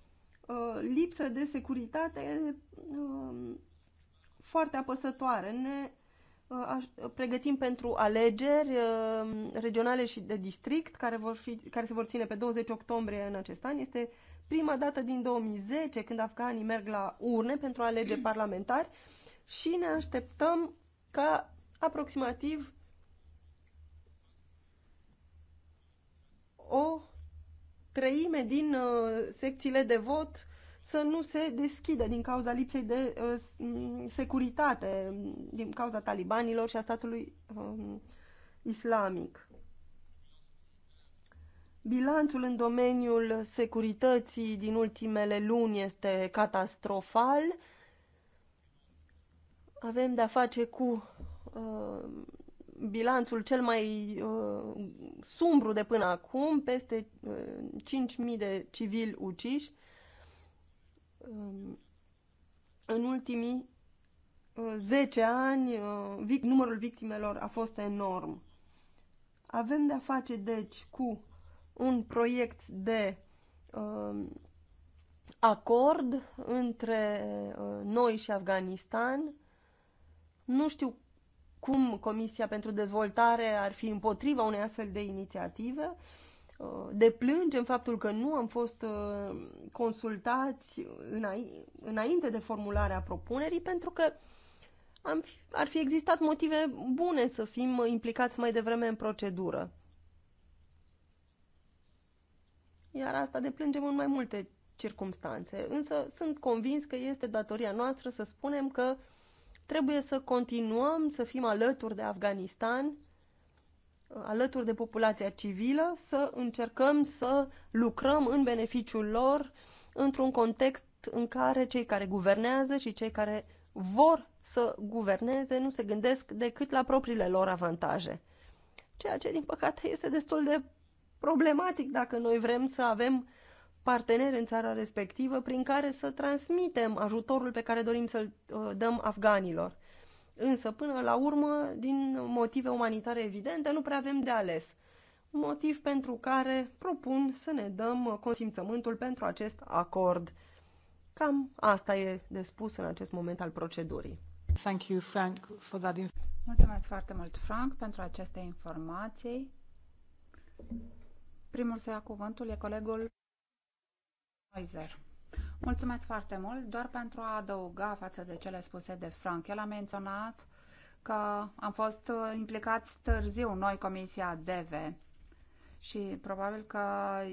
uh, lipsă de securitate uh, foarte apăsătoare. Ne uh, pregătim pentru alegeri uh, regionale și de district care, vor fi, care se vor ține pe 20 octombrie în acest an. Este prima dată din 2010 când afganii merg la urne pentru a alege parlamentari. Uh, și ne așteptăm ca aproximativ o treime din uh, secțiile de vot să nu se deschidă din cauza lipsei de uh, mm, securitate, mm, din cauza talibanilor și a statului uh, islamic. Bilanțul în domeniul securității din ultimele luni este catastrofal avem de-a face cu uh, bilanțul cel mai uh, sumbru de până acum, peste uh, 5.000 de civili uciși. Uh, în ultimii uh, 10 ani, uh, vic, numărul victimelor a fost enorm. Avem de-a face, deci, cu un proiect de uh, acord între uh, noi și Afganistan, nu știu cum Comisia pentru Dezvoltare ar fi împotriva unei astfel de inițiative. Uh, deplângem faptul că nu am fost uh, consultați înainte de formularea propunerii, pentru că am fi, ar fi existat motive bune să fim implicați mai devreme în procedură. Iar asta deplângem în mai multe circumstanțe. Însă sunt convins că este datoria noastră să spunem că uh, Trebuie să continuăm să fim alături de Afganistan, alături de populația civilă, să încercăm să lucrăm în beneficiul lor într-un context în care cei care guvernează și cei care vor să guverneze nu se gândesc decât la propriile lor avantaje. Ceea ce, din păcate, este destul de problematic dacă noi vrem să avem parteneri în țara respectivă prin care să transmitem ajutorul pe care dorim să-l uh, dăm afganilor. Însă, până la urmă, din motive umanitare evidente, nu prea avem de ales. Motiv pentru care propun să ne dăm consimțământul pentru acest acord. Cam asta e de spus în acest moment al procedurii. Thank you, Frank, for that Mulțumesc foarte mult, Frank, pentru aceste informații. Primul să ia cuvântul e colegul Pfizer. Mulțumesc foarte mult. Doar pentru a adăuga față de cele spuse de Frank, el a menționat că am fost uh, implicați târziu noi, Comisia DV, și probabil că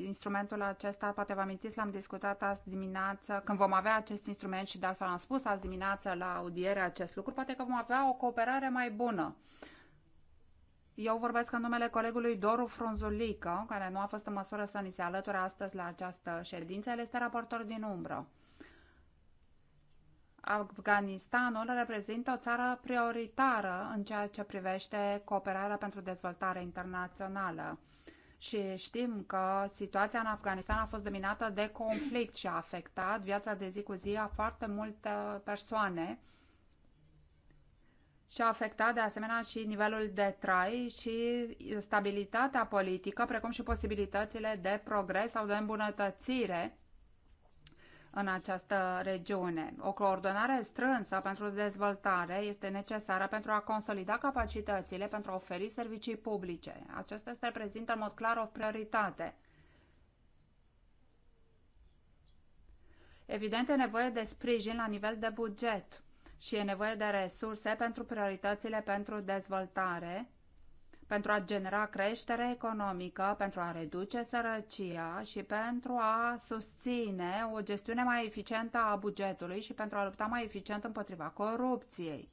instrumentul acesta, poate vă amintiți, l-am discutat azi dimineață, când vom avea acest instrument și de altfel am spus azi dimineață la audiere acest lucru, poate că vom avea o cooperare mai bună eu vorbesc în numele colegului Doru Frunzulică, care nu a fost în măsură să ni se alăture astăzi la această ședință. El este raportor din umbră. Afganistanul reprezintă o țară prioritară în ceea ce privește cooperarea pentru dezvoltare internațională. Și știm că situația în Afganistan a fost dominată de conflict și a afectat viața de zi cu zi a foarte multe persoane și a afectat de asemenea și nivelul de trai și stabilitatea politică, precum și posibilitățile de progres sau de îmbunătățire în această regiune. O coordonare strânsă pentru dezvoltare este necesară pentru a consolida capacitățile pentru a oferi servicii publice. Acestea se reprezintă în mod clar o prioritate. Evident, e nevoie de sprijin la nivel de buget și e nevoie de resurse pentru prioritățile pentru dezvoltare, pentru a genera creștere economică, pentru a reduce sărăcia și pentru a susține o gestiune mai eficientă a bugetului și pentru a lupta mai eficient împotriva corupției.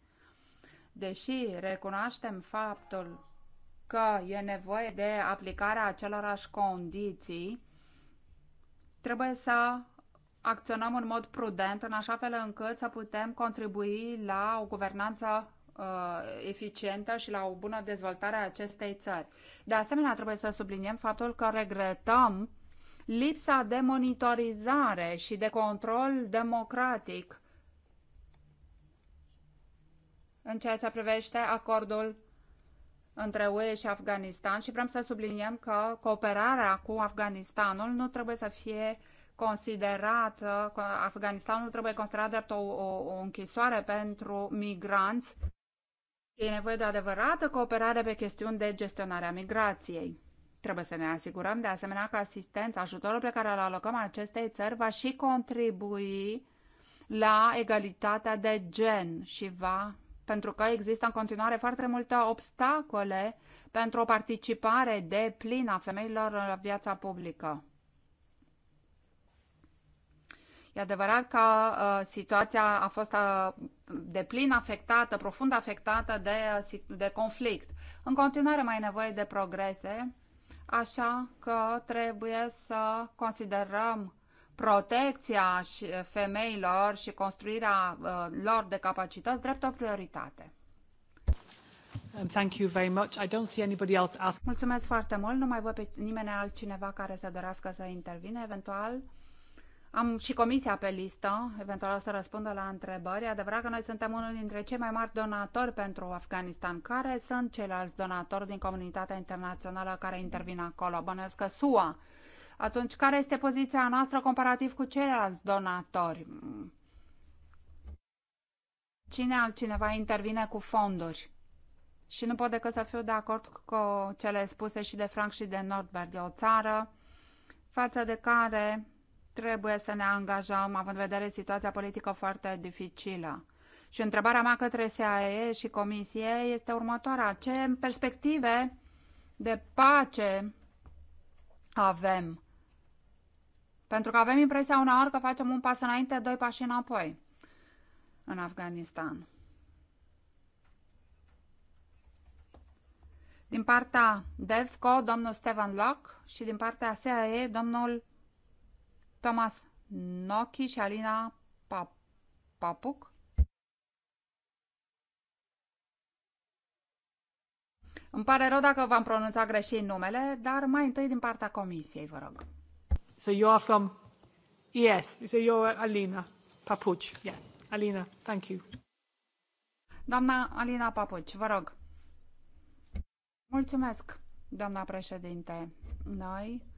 Deși recunoaștem faptul că e nevoie de aplicarea acelorași condiții, trebuie să acționăm în mod prudent, în așa fel încât să putem contribui la o guvernanță uh, eficientă și la o bună dezvoltare a acestei țări. De asemenea, trebuie să subliniem faptul că regretăm lipsa de monitorizare și de control democratic în ceea ce privește acordul între UE și Afganistan și vrem să subliniem că cooperarea cu Afganistanul nu trebuie să fie uh, considerată, Afganistanul trebuie considerat drept o, o, o închisoare pentru migranți. E nevoie de o adevărată cooperare pe chestiuni de gestionare a migrației. Trebuie să ne asigurăm de asemenea că asistența, ajutorul pe care îl alocăm acestei țări va și contribui la egalitatea de gen și va, pentru că există în continuare foarte multe obstacole pentru o participare de plină a femeilor în viața publică. E adevărat că uh, situația a fost uh, de plin afectată, profund afectată de, uh, de conflict. În continuare mai e nevoie de progrese, așa că trebuie să considerăm protecția și femeilor și construirea uh, lor de capacități drept o prioritate. Um, thank you very much. I don't see anybody else ask... Mulțumesc foarte mult. Nu mai văd pe nimeni altcineva care să dorească să intervine. Eventual, am și comisia pe listă, eventual o să răspundă la întrebări. E adevărat că noi suntem unul dintre cei mai mari donatori pentru Afganistan. Care sunt ceilalți donatori din comunitatea internațională care intervin acolo? Bănuiesc că SUA. Atunci, care este poziția noastră comparativ cu ceilalți donatori? Cine altcineva intervine cu fonduri? Și nu pot decât să fiu de acord cu cele spuse și de Frank și de Nordberg. E o țară față de care trebuie să ne angajăm, având în vedere situația politică foarte dificilă. Și întrebarea mea către SAE și Comisie este următoarea. Ce perspective de pace avem? Pentru că avem impresia uneori că facem un pas înainte, doi pași înapoi în Afganistan. Din partea DEVCO, domnul Stefan Locke și din partea SAE, domnul Thomas Nochi și Alina Papuc. Îmi pare rău dacă v-am pronunțat greșit numele, dar mai întâi din partea comisiei, vă rog. So you are from... Yes, so you are Alina Papuc. Yeah, Alina, thank you. Doamna Alina Papuc, vă rog. Mulțumesc, doamna președinte. Noi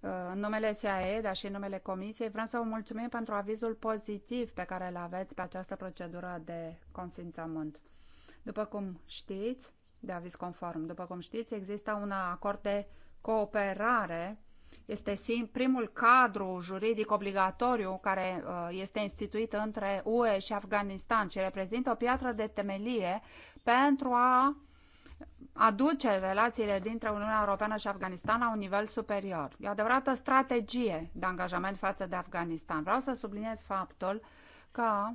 Uh, în numele SAE, dar și în numele Comisiei, vreau să vă mulțumim pentru avizul pozitiv pe care îl aveți pe această procedură de consimțământ. După cum știți, de aviz conform, după cum știți, există un acord de cooperare este primul cadru juridic obligatoriu care uh, este instituit între UE și Afganistan și reprezintă o piatră de temelie pentru a aduce relațiile dintre Uniunea Europeană și Afganistan la un nivel superior. E o adevărată strategie de angajament față de Afganistan. Vreau să subliniez faptul că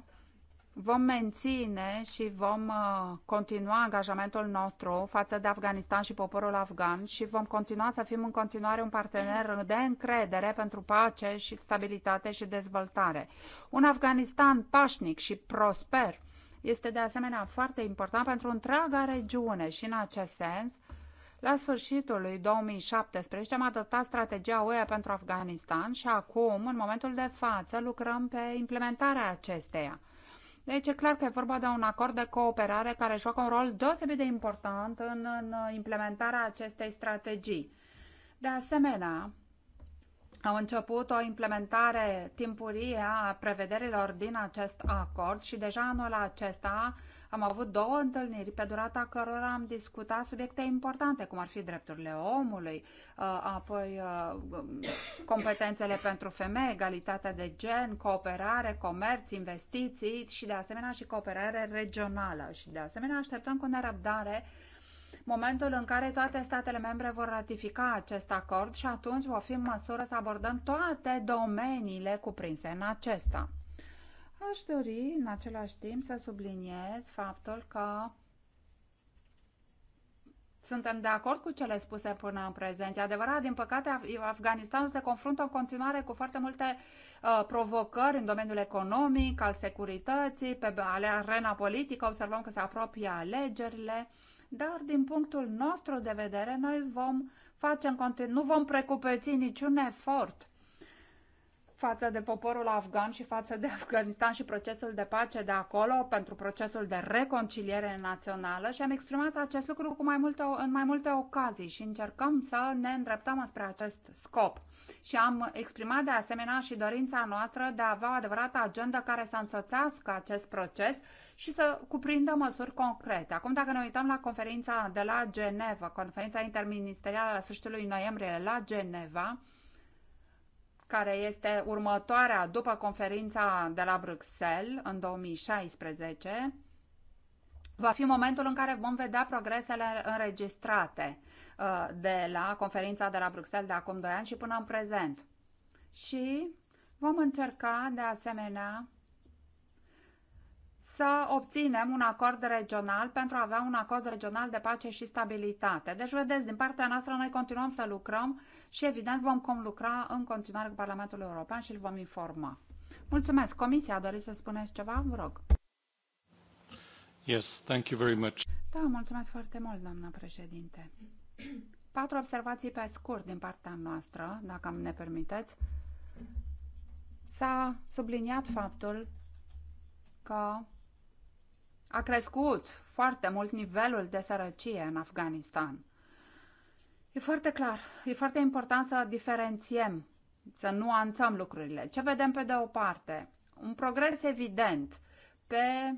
vom menține și vom uh, continua angajamentul nostru față de Afganistan și poporul afgan și vom continua să fim în continuare un partener de încredere pentru pace și stabilitate și dezvoltare. Un Afganistan pașnic și prosper este de asemenea foarte important pentru întreaga regiune și în acest sens, la sfârșitul lui 2017 am adoptat strategia UE pentru Afganistan și acum, în momentul de față, lucrăm pe implementarea acesteia. Deci e clar că e vorba de un acord de cooperare care joacă un rol deosebit de important în, în implementarea acestei strategii. De asemenea, au început o implementare timpurie a prevederilor din acest acord și deja anul acesta am avut două întâlniri pe durata cărora am discutat subiecte importante, cum ar fi drepturile omului, uh, apoi uh, competențele pentru femei, egalitatea de gen, cooperare, comerț, investiții și de asemenea și cooperare regională. Și de asemenea așteptăm cu nerăbdare momentul în care toate statele membre vor ratifica acest acord și atunci vom fi în măsură să abordăm toate domeniile cuprinse în acesta. Aș dori în același timp să subliniez faptul că suntem de acord cu cele spuse până în prezent. E adevărat, din păcate, Afganistanul se confruntă în continuare cu foarte multe uh, provocări în domeniul economic, al securității, pe arena politică, observăm că se apropie alegerile, dar din punctul nostru de vedere, noi vom face în continu- nu vom precupeți niciun efort față de poporul afgan și față de Afganistan și procesul de pace de acolo pentru procesul de reconciliere națională și am exprimat acest lucru cu mai multe, în mai multe ocazii și încercăm să ne îndreptăm spre acest scop. Și am exprimat de asemenea și dorința noastră de a avea o adevărată agenda care să însoțească acest proces și să cuprindă măsuri concrete. Acum, dacă ne uităm la conferința de la Geneva, conferința interministerială a sfârșitului noiembrie la Geneva, care este următoarea după conferința de la Bruxelles în 2016, va fi momentul în care vom vedea progresele înregistrate uh, de la conferința de la Bruxelles de acum 2 ani și până în prezent. Și vom încerca de asemenea să obținem un acord regional pentru a avea un acord regional de pace și stabilitate. Deci, vedeți, din partea noastră noi continuăm să lucrăm și evident vom lucra în continuare cu Parlamentul European și îl vom informa. Mulțumesc. Comisia, doriți să spuneți ceva? Vă rog. Yes, thank you very much. Da, mulțumesc foarte mult, doamna președinte. Patru observații pe scurt din partea noastră, dacă ne permiteți. S-a subliniat faptul că a crescut foarte mult nivelul de sărăcie în Afganistan. E foarte clar, e foarte important să diferențiem, să nuanțăm lucrurile. Ce vedem pe de o parte? Un progres evident pe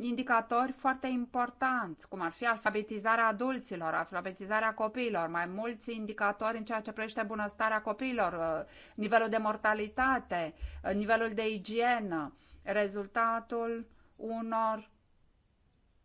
indicatori foarte importanți, cum ar fi alfabetizarea adulților, alfabetizarea copiilor, mai mulți indicatori în ceea ce privește bunăstarea copiilor, uh, nivelul de mortalitate, uh, nivelul de igienă, rezultatul unor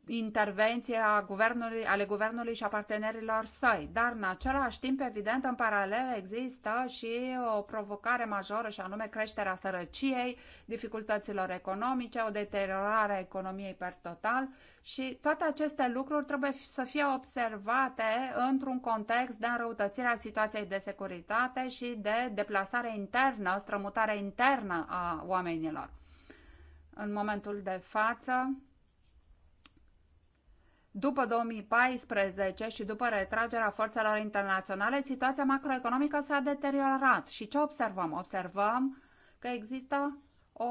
intervenție a guvernului, ale guvernului și a partenerilor săi. Dar în același timp, evident, în paralel există și o provocare majoră și anume creșterea sărăciei, dificultăților economice, o deteriorare a economiei per total și toate aceste lucruri trebuie să fie observate într-un context de înrăutățire a situației de securitate și de deplasare internă, strămutare internă a oamenilor. În momentul de față, după 2014 și după retragerea forțelor internaționale, situația macroeconomică s-a deteriorat. Și ce observăm? Observăm că există o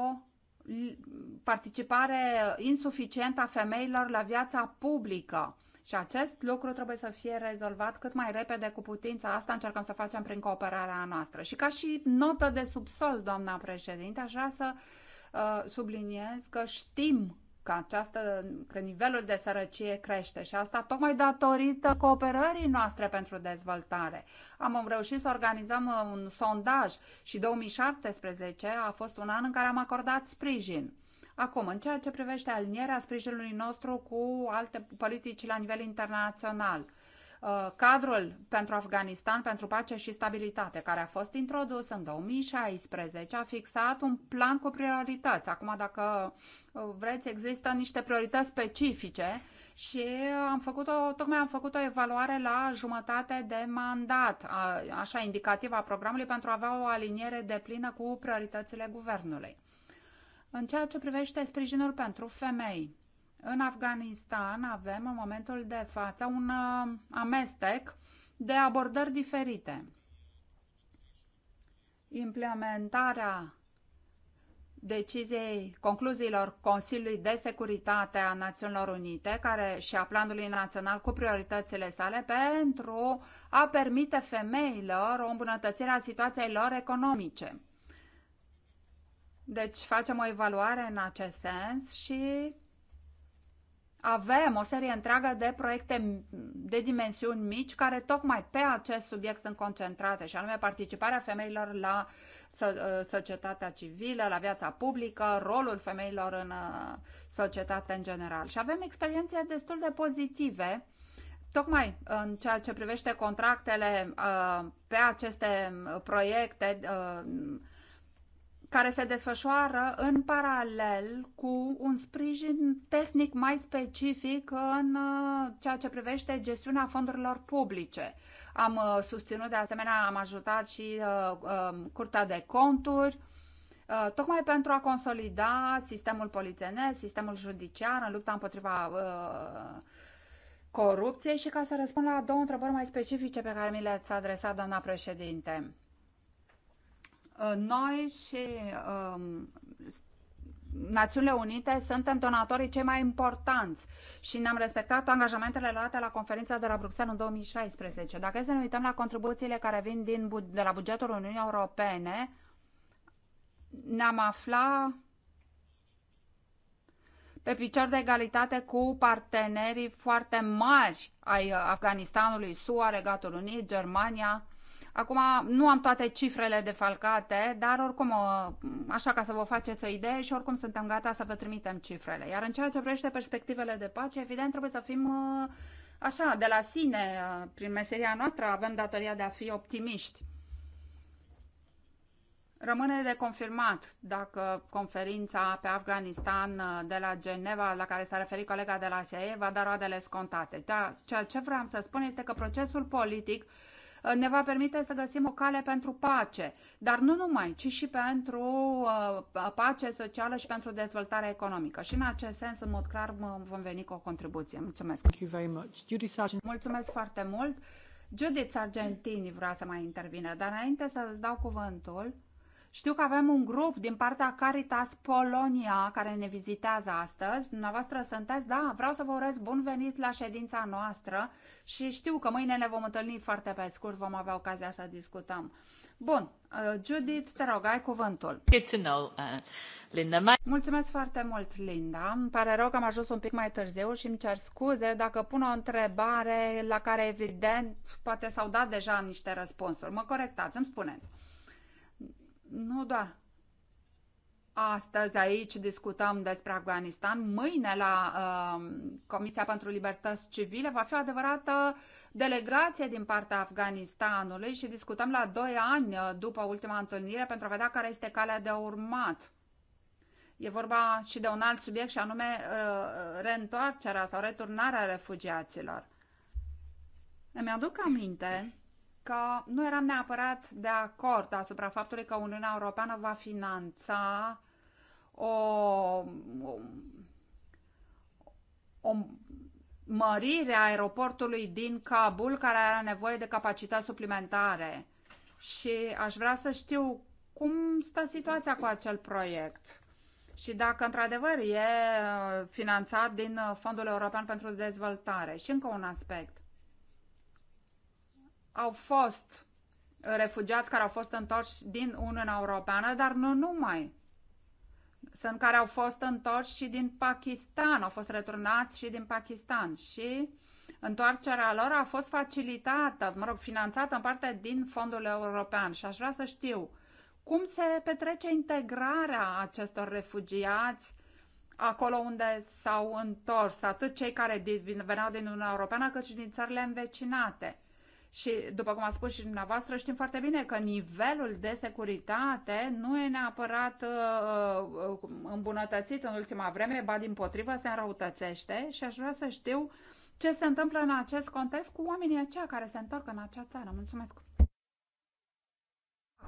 participare insuficientă a femeilor la viața publică. Și acest lucru trebuie să fie rezolvat cât mai repede cu putință. Asta încercăm să facem prin cooperarea noastră. Și ca și notă de subsol, doamna președinte, aș vrea să uh, subliniez că știm că, această, că nivelul de sărăcie crește și asta tocmai datorită cooperării noastre pentru dezvoltare. Am reușit să organizăm uh, un sondaj și 2017 a fost un an în care am acordat sprijin. Acum, în ceea ce privește alinierea sprijinului nostru cu alte politici la nivel internațional – Uh, cadrul pentru Afganistan pentru pace și stabilitate, care a fost introdus în 2016, a fixat un plan cu priorități. Acum, dacă uh, vreți, există niște priorități specifice și am făcut o, tocmai am făcut o evaluare la jumătate de mandat, a, așa indicativ a programului, pentru a avea o aliniere de plină cu prioritățile guvernului. În ceea ce privește sprijinul pentru femei, în Afganistan avem în momentul de față un uh, amestec de abordări diferite. Implementarea deciziei concluziilor Consiliului de Securitate a Națiunilor Unite care și a Planului Național cu prioritățile sale pentru a permite femeilor o îmbunătățire a situației lor economice. Deci facem o evaluare în acest sens și avem o serie întreagă de proiecte de dimensiuni mici care tocmai pe acest subiect sunt concentrate și anume participarea femeilor la ă, societatea civilă, la viața publică, rolul femeilor în ă, societate în general. Și avem experiențe destul de pozitive Tocmai în ceea ce privește contractele ă, pe aceste proiecte care se desfășoară în paralel cu un sprijin tehnic mai specific în uh, ceea ce privește gestiunea fondurilor publice. Am uh, susținut de asemenea, am ajutat și uh, um, Curtea de Conturi, tocmai pentru a consolida sistemul polițienesc, sistemul judiciar în lupta împotriva corupției și ca să răspund la două întrebări mai specifice pe care mi le-ați adresat, doamna președinte. Uh, noi și um, Națiunile Unite suntem donatorii cei mai importanți și ne-am respectat angajamentele luate la conferința de la Bruxelles în 2016. Dacă să ne uităm la contribuțiile care vin din, de la bugetul Uniunii Europene, ne-am aflat pe picior de egalitate cu partenerii foarte mari ai uh, Afganistanului, SUA, Regatul Unit, Germania, Acum nu am toate cifrele defalcate, dar oricum, așa ca să vă faceți o idee și oricum suntem gata să vă trimitem cifrele. Iar în ceea ce privește perspectivele de pace, evident trebuie să fim uh, așa, de la sine, uh, prin meseria noastră avem datoria de a fi optimiști. Rămâne de confirmat dacă conferința pe Afganistan uh, de la Geneva, la care s-a referit colega de la SAE, va da roadele scontate. Dar ceea ce vreau să spun este că procesul politic Uh, ne va permite să găsim o cale pentru pace, dar nu numai, ci și pentru uh, pace socială și pentru dezvoltarea economică. Și în acest sens, în mod clar, vom veni cu o contribuție. Mulțumesc! Thank you very much. Judy Sargent. Mulțumesc foarte mult! Judith Sargentini vrea să mai intervine, dar înainte să-ți dau cuvântul, știu că avem un grup din partea Caritas Polonia care ne vizitează astăzi. Dumneavoastră sunteți, da, vreau să vă urez bun venit la ședința noastră și știu că mâine ne vom întâlni foarte pe scurt, vom avea ocazia să discutăm. Bun, uh, Judith, te rog, ai cuvântul. Good to know, uh, Linda. My... Mulțumesc foarte mult, Linda. Îmi pare rău că am ajuns un pic mai târziu și îmi cer scuze dacă pun o întrebare la care, evident, poate s-au dat deja niște răspunsuri. Mă corectați, îmi spuneți nu doar Astăzi aici discutăm despre Afganistan. Mâine la uh, Comisia pentru Libertăți Civile va fi o adevărată delegație din partea Afganistanului și discutăm la doi ani uh, după ultima întâlnire pentru a vedea care este calea de urmat. E vorba și de un alt subiect și anume uh, reîntoarcerea sau returnarea refugiaților. Îmi aduc aminte că nu eram neapărat de acord asupra faptului că Uniunea Europeană va finanța o, o, o mărire a aeroportului din Kabul, care are nevoie de capacități suplimentare. Și aș vrea să știu cum stă situația cu acel proiect și dacă într-adevăr e uh, finanțat din uh, Fondul European pentru Dezvoltare. Și încă un aspect au fost refugiați care au fost întorși din Uniunea Europeană, dar nu numai. Sunt care au fost întorși și din Pakistan, au fost returnați și din Pakistan și întoarcerea lor a fost facilitată, mă rog, finanțată în parte din fondul european și aș vrea să știu cum se petrece integrarea acestor refugiați acolo unde s-au întors, atât cei care veneau din Uniunea Europeană, cât și din țările învecinate. Și, după cum a spus și dumneavoastră, știm foarte bine că nivelul de securitate nu e neapărat uh, uh, îmbunătățit în ultima vreme, ba din potrivă se înrăutățește și aș vrea să știu ce se întâmplă în acest context cu oamenii aceia care se întorc în acea țară. Mulțumesc!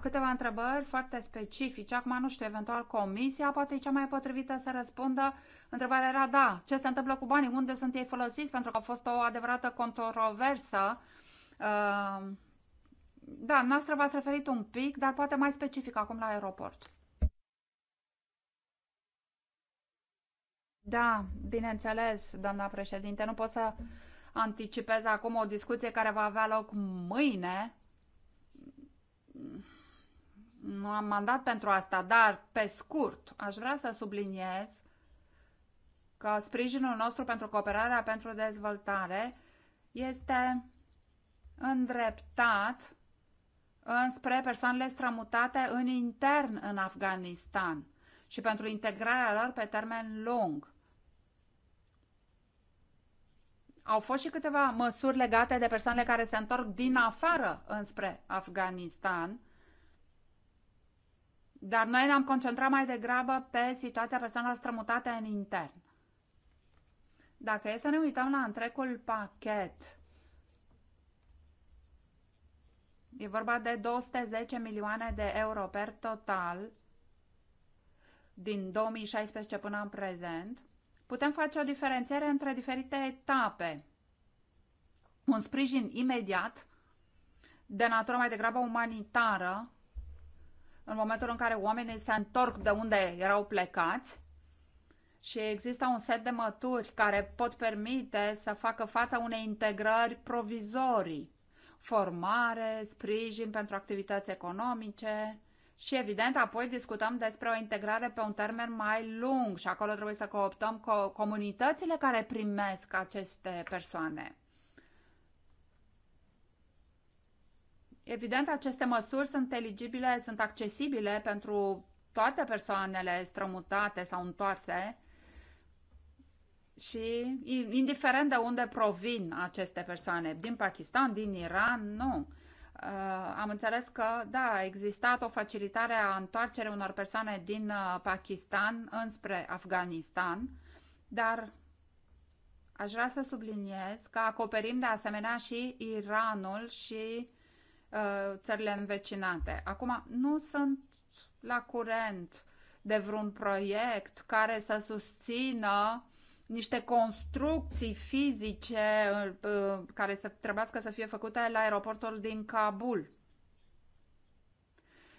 Câteva întrebări foarte specifice. Acum nu știu, eventual comisia poate e cea mai potrivită să răspundă. Întrebarea era, da, ce se întâmplă cu banii? Unde sunt ei folosiți? Pentru că a fost o adevărată controversă Ehm, da, noastră v-ați referit un pic, dar poate mai specific acum la aeroport. Da, bineînțeles, doamna președinte, nu pot să anticipez acum o discuție care va avea loc mâine. Nu am mandat pentru asta, dar pe scurt aș vrea să subliniez că sprijinul nostru pentru cooperarea pentru dezvoltare este îndreptat înspre persoanele strămutate în intern în Afganistan și pentru integrarea lor pe termen lung. Au fost și câteva măsuri legate de persoanele care se întorc din afară înspre Afganistan, dar noi ne-am concentrat mai degrabă pe situația persoanelor strămutate în intern. Dacă e să ne uităm la întregul pachet E vorba de 210 milioane de euro per total din 2016 până în prezent. Putem face o diferențiere între diferite etape. Un sprijin imediat, de natură mai degrabă umanitară, în momentul în care oamenii se întorc de unde erau plecați, și există un set de mături care pot permite să facă fața unei integrări provizorii formare, sprijin pentru activități economice și, evident, apoi discutăm despre o integrare pe un termen mai lung și acolo trebuie să cooptăm co comunitățile care primesc aceste persoane. Evident, aceste măsuri sunt eligibile, sunt accesibile pentru toate persoanele strămutate sau întoarse, și indiferent de unde provin aceste persoane, din Pakistan, din Iran, nu. Uh, am înțeles că, da, a existat o facilitare a întoarcerii unor persoane din uh, Pakistan înspre Afganistan, dar aș vrea să subliniez că acoperim de asemenea și Iranul și uh, țările învecinate. Acum, nu sunt la curent de vreun proiect care să susțină niște construcții fizice uh, uh, care să trebuiască să fie făcute la aeroportul din Kabul.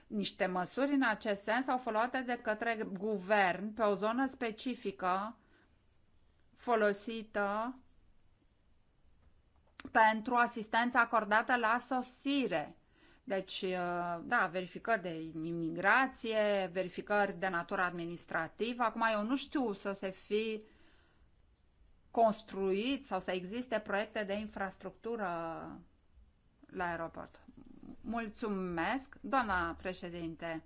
Niște măsuri în acest sens au luate de către guvern pe o zonă specifică folosită pentru asistența acordată la sosire. Deci, uh, da, verificări de imigrație, verificări de natură administrativă. Acum, eu nu știu să se fi construit sau să existe proiecte de infrastructură la aeroport. Mulțumesc, doamna președinte.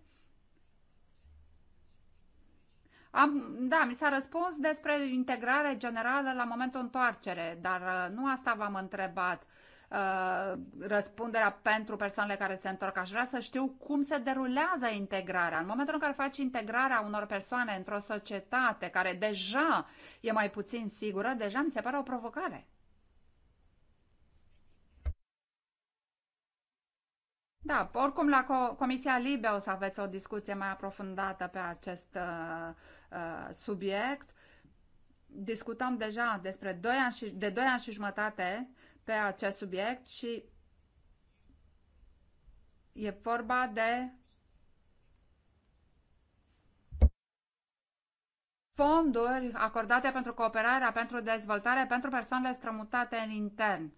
Am, da, mi s-a răspuns despre integrare generală la momentul întoarcere, dar uh, nu asta v-am întrebat. Uh, răspunderea pentru persoanele care se întorc. Aș vrea să știu cum se derulează integrarea. În momentul în care faci integrarea unor persoane într-o societate care deja e mai puțin sigură, deja mi se pare o provocare. Da, oricum la Comisia Libe o să aveți o discuție mai aprofundată pe acest uh, uh, subiect. Discutăm deja despre doi ani și, de 2 ani și jumătate pe acest subiect și e vorba de fonduri acordate pentru cooperarea, pentru dezvoltare, pentru persoanele strămutate în intern.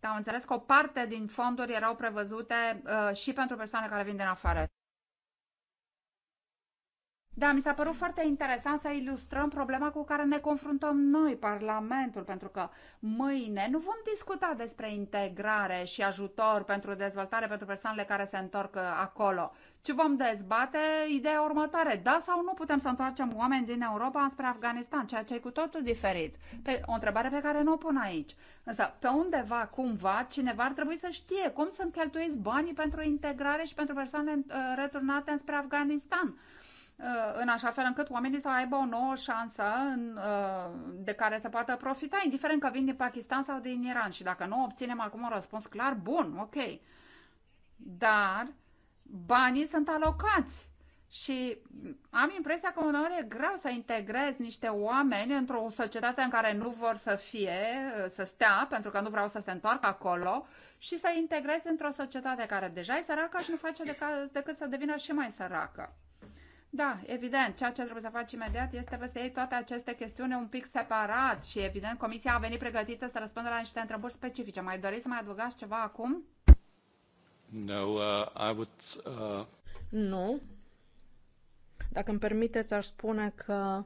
Am înțeles că o parte din fonduri erau prevăzute uh, și pentru persoane care vin din afară. Da, mi s-a părut foarte interesant să ilustrăm problema cu care ne confruntăm noi, Parlamentul, pentru că mâine nu vom discuta despre integrare și ajutor pentru dezvoltare pentru persoanele care se întorc uh, acolo, ci vom dezbate ideea următoare. Da sau nu putem să întoarcem oameni din Europa spre Afganistan, ceea ce e cu totul diferit. Pe, o întrebare pe care nu o pun aici. Însă, pe undeva, cumva, cineva ar trebui să știe cum sunt cheltuiți banii pentru integrare și pentru persoane uh, returnate spre Afganistan. Uh, în așa fel încât oamenii să aibă o nouă șansă în, uh, de care să poată profita, indiferent că vin din Pakistan sau din Iran. Și dacă nu obținem acum un răspuns clar, bun, ok. Dar banii sunt alocați. Și am impresia că uneori e greu să integrezi niște oameni într-o societate în care nu vor să fie, uh, să stea, pentru că nu vreau să se întoarcă acolo, și să integrezi într-o societate care deja e săracă și nu face decât să devină și mai săracă. Da, evident, ceea ce trebuie să faci imediat este să iei toate aceste chestiuni un pic separat și evident comisia a venit pregătită să răspundă la niște întrebări specifice. Mai doriți să mai adăugați ceva acum? No, uh, I would, uh... Nu. Dacă îmi permiteți, aș spune că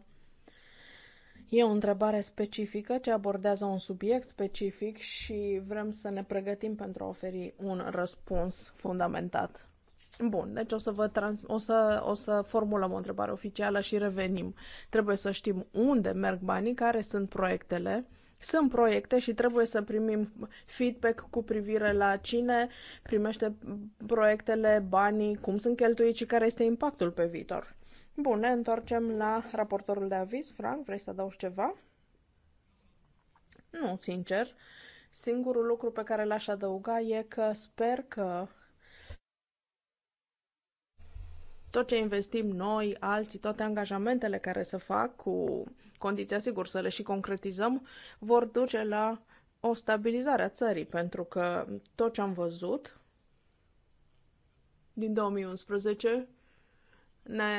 E o întrebare specifică ce abordează un subiect specific și vrem să ne pregătim pentru a oferi un răspuns fundamentat. Bun, deci o să, vă trans- o, să, o să formulăm o întrebare oficială și revenim. Trebuie să știm unde merg banii, care sunt proiectele. Sunt proiecte și trebuie să primim feedback cu privire la cine primește proiectele, banii, cum sunt cheltuiți și care este impactul pe viitor. Bun, ne întoarcem la raportorul de aviz. Frank, vrei să adaugi ceva? Nu, sincer. Singurul lucru pe care l-aș adăuga e că sper că Tot ce investim noi, alții, toate angajamentele care se fac cu condiția sigur să le și concretizăm, vor duce la o stabilizare a țării, pentru că tot ce am văzut din 2011 ne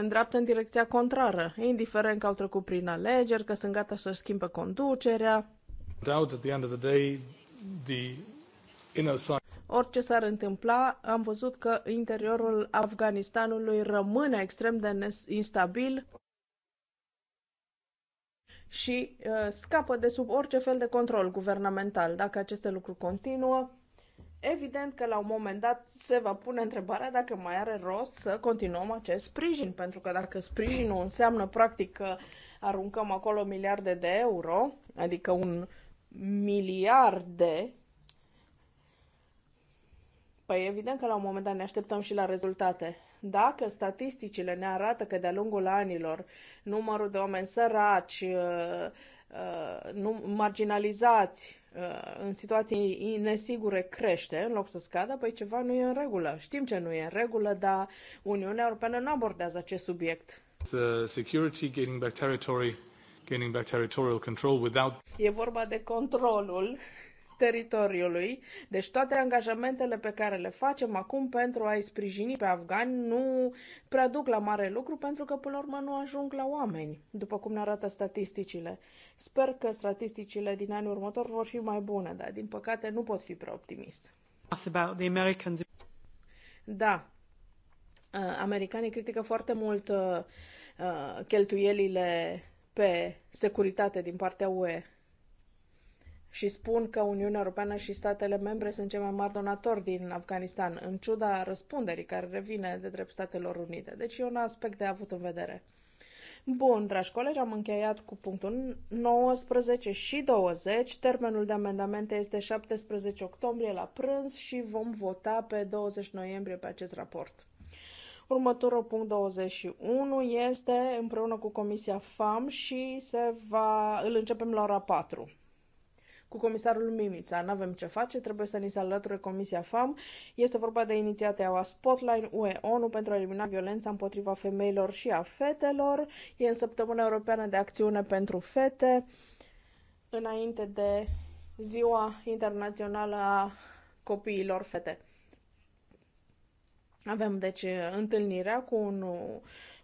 îndreaptă în direcția contrară, indiferent că au trecut prin alegeri, că sunt gata să-și schimbe conducerea. Doubt at the end of the day, the inner Orice s-ar întâmpla, am văzut că interiorul Afganistanului rămâne extrem de instabil și uh, scapă de sub orice fel de control guvernamental. Dacă aceste lucruri continuă, evident că la un moment dat se va pune întrebarea dacă mai are rost să continuăm acest sprijin, pentru că dacă sprijinul înseamnă practic că aruncăm acolo miliarde de euro, adică un miliard de Păi evident că la un moment dat ne așteptăm și la rezultate. Dacă statisticile ne arată că de-a lungul anilor numărul de oameni săraci, uh, uh, marginalizați, uh, în situații nesigure crește, în loc să scadă, păi ceva nu e în regulă. Știm ce nu e în regulă, dar Uniunea Europeană nu abordează acest subiect. The security gaining back territory, gaining back territorial control without... E vorba de controlul teritoriului. Deci toate angajamentele pe care le facem acum pentru a-i sprijini pe afgani nu prea duc la mare lucru pentru că până la urmă nu ajung la oameni, după cum ne arată statisticile. Sper că statisticile din anul următor vor fi mai bune, dar din păcate nu pot fi prea optimist. Da, uh, americanii critică foarte mult uh, uh, cheltuielile pe securitate din partea UE și spun că Uniunea Europeană și statele membre sunt cei mai mari donatori din Afganistan, în ciuda răspunderii care revine de drept Statelor Unite. Deci e un aspect de avut în vedere. Bun, dragi colegi, am încheiat cu punctul 19 și 20. Termenul de amendamente este 17 octombrie la prânz și vom vota pe 20 noiembrie pe acest raport. Următorul punct 21 este împreună cu Comisia FAM și se va, îl începem la ora 4 cu comisarul Mimița. Nu avem ce face, trebuie să ni se alăture Comisia FAM. Este vorba de inițiativa Spotline UE ONU pentru a elimina violența împotriva femeilor și a fetelor. E în săptămâna europeană de acțiune pentru fete, înainte de Ziua Internațională a Copiilor Fete. Avem, deci, întâlnirea cu un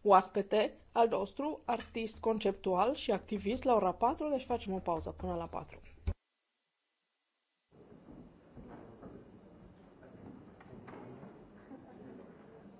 oaspete al nostru, artist conceptual și activist, la ora 4, deci facem o pauză până la 4.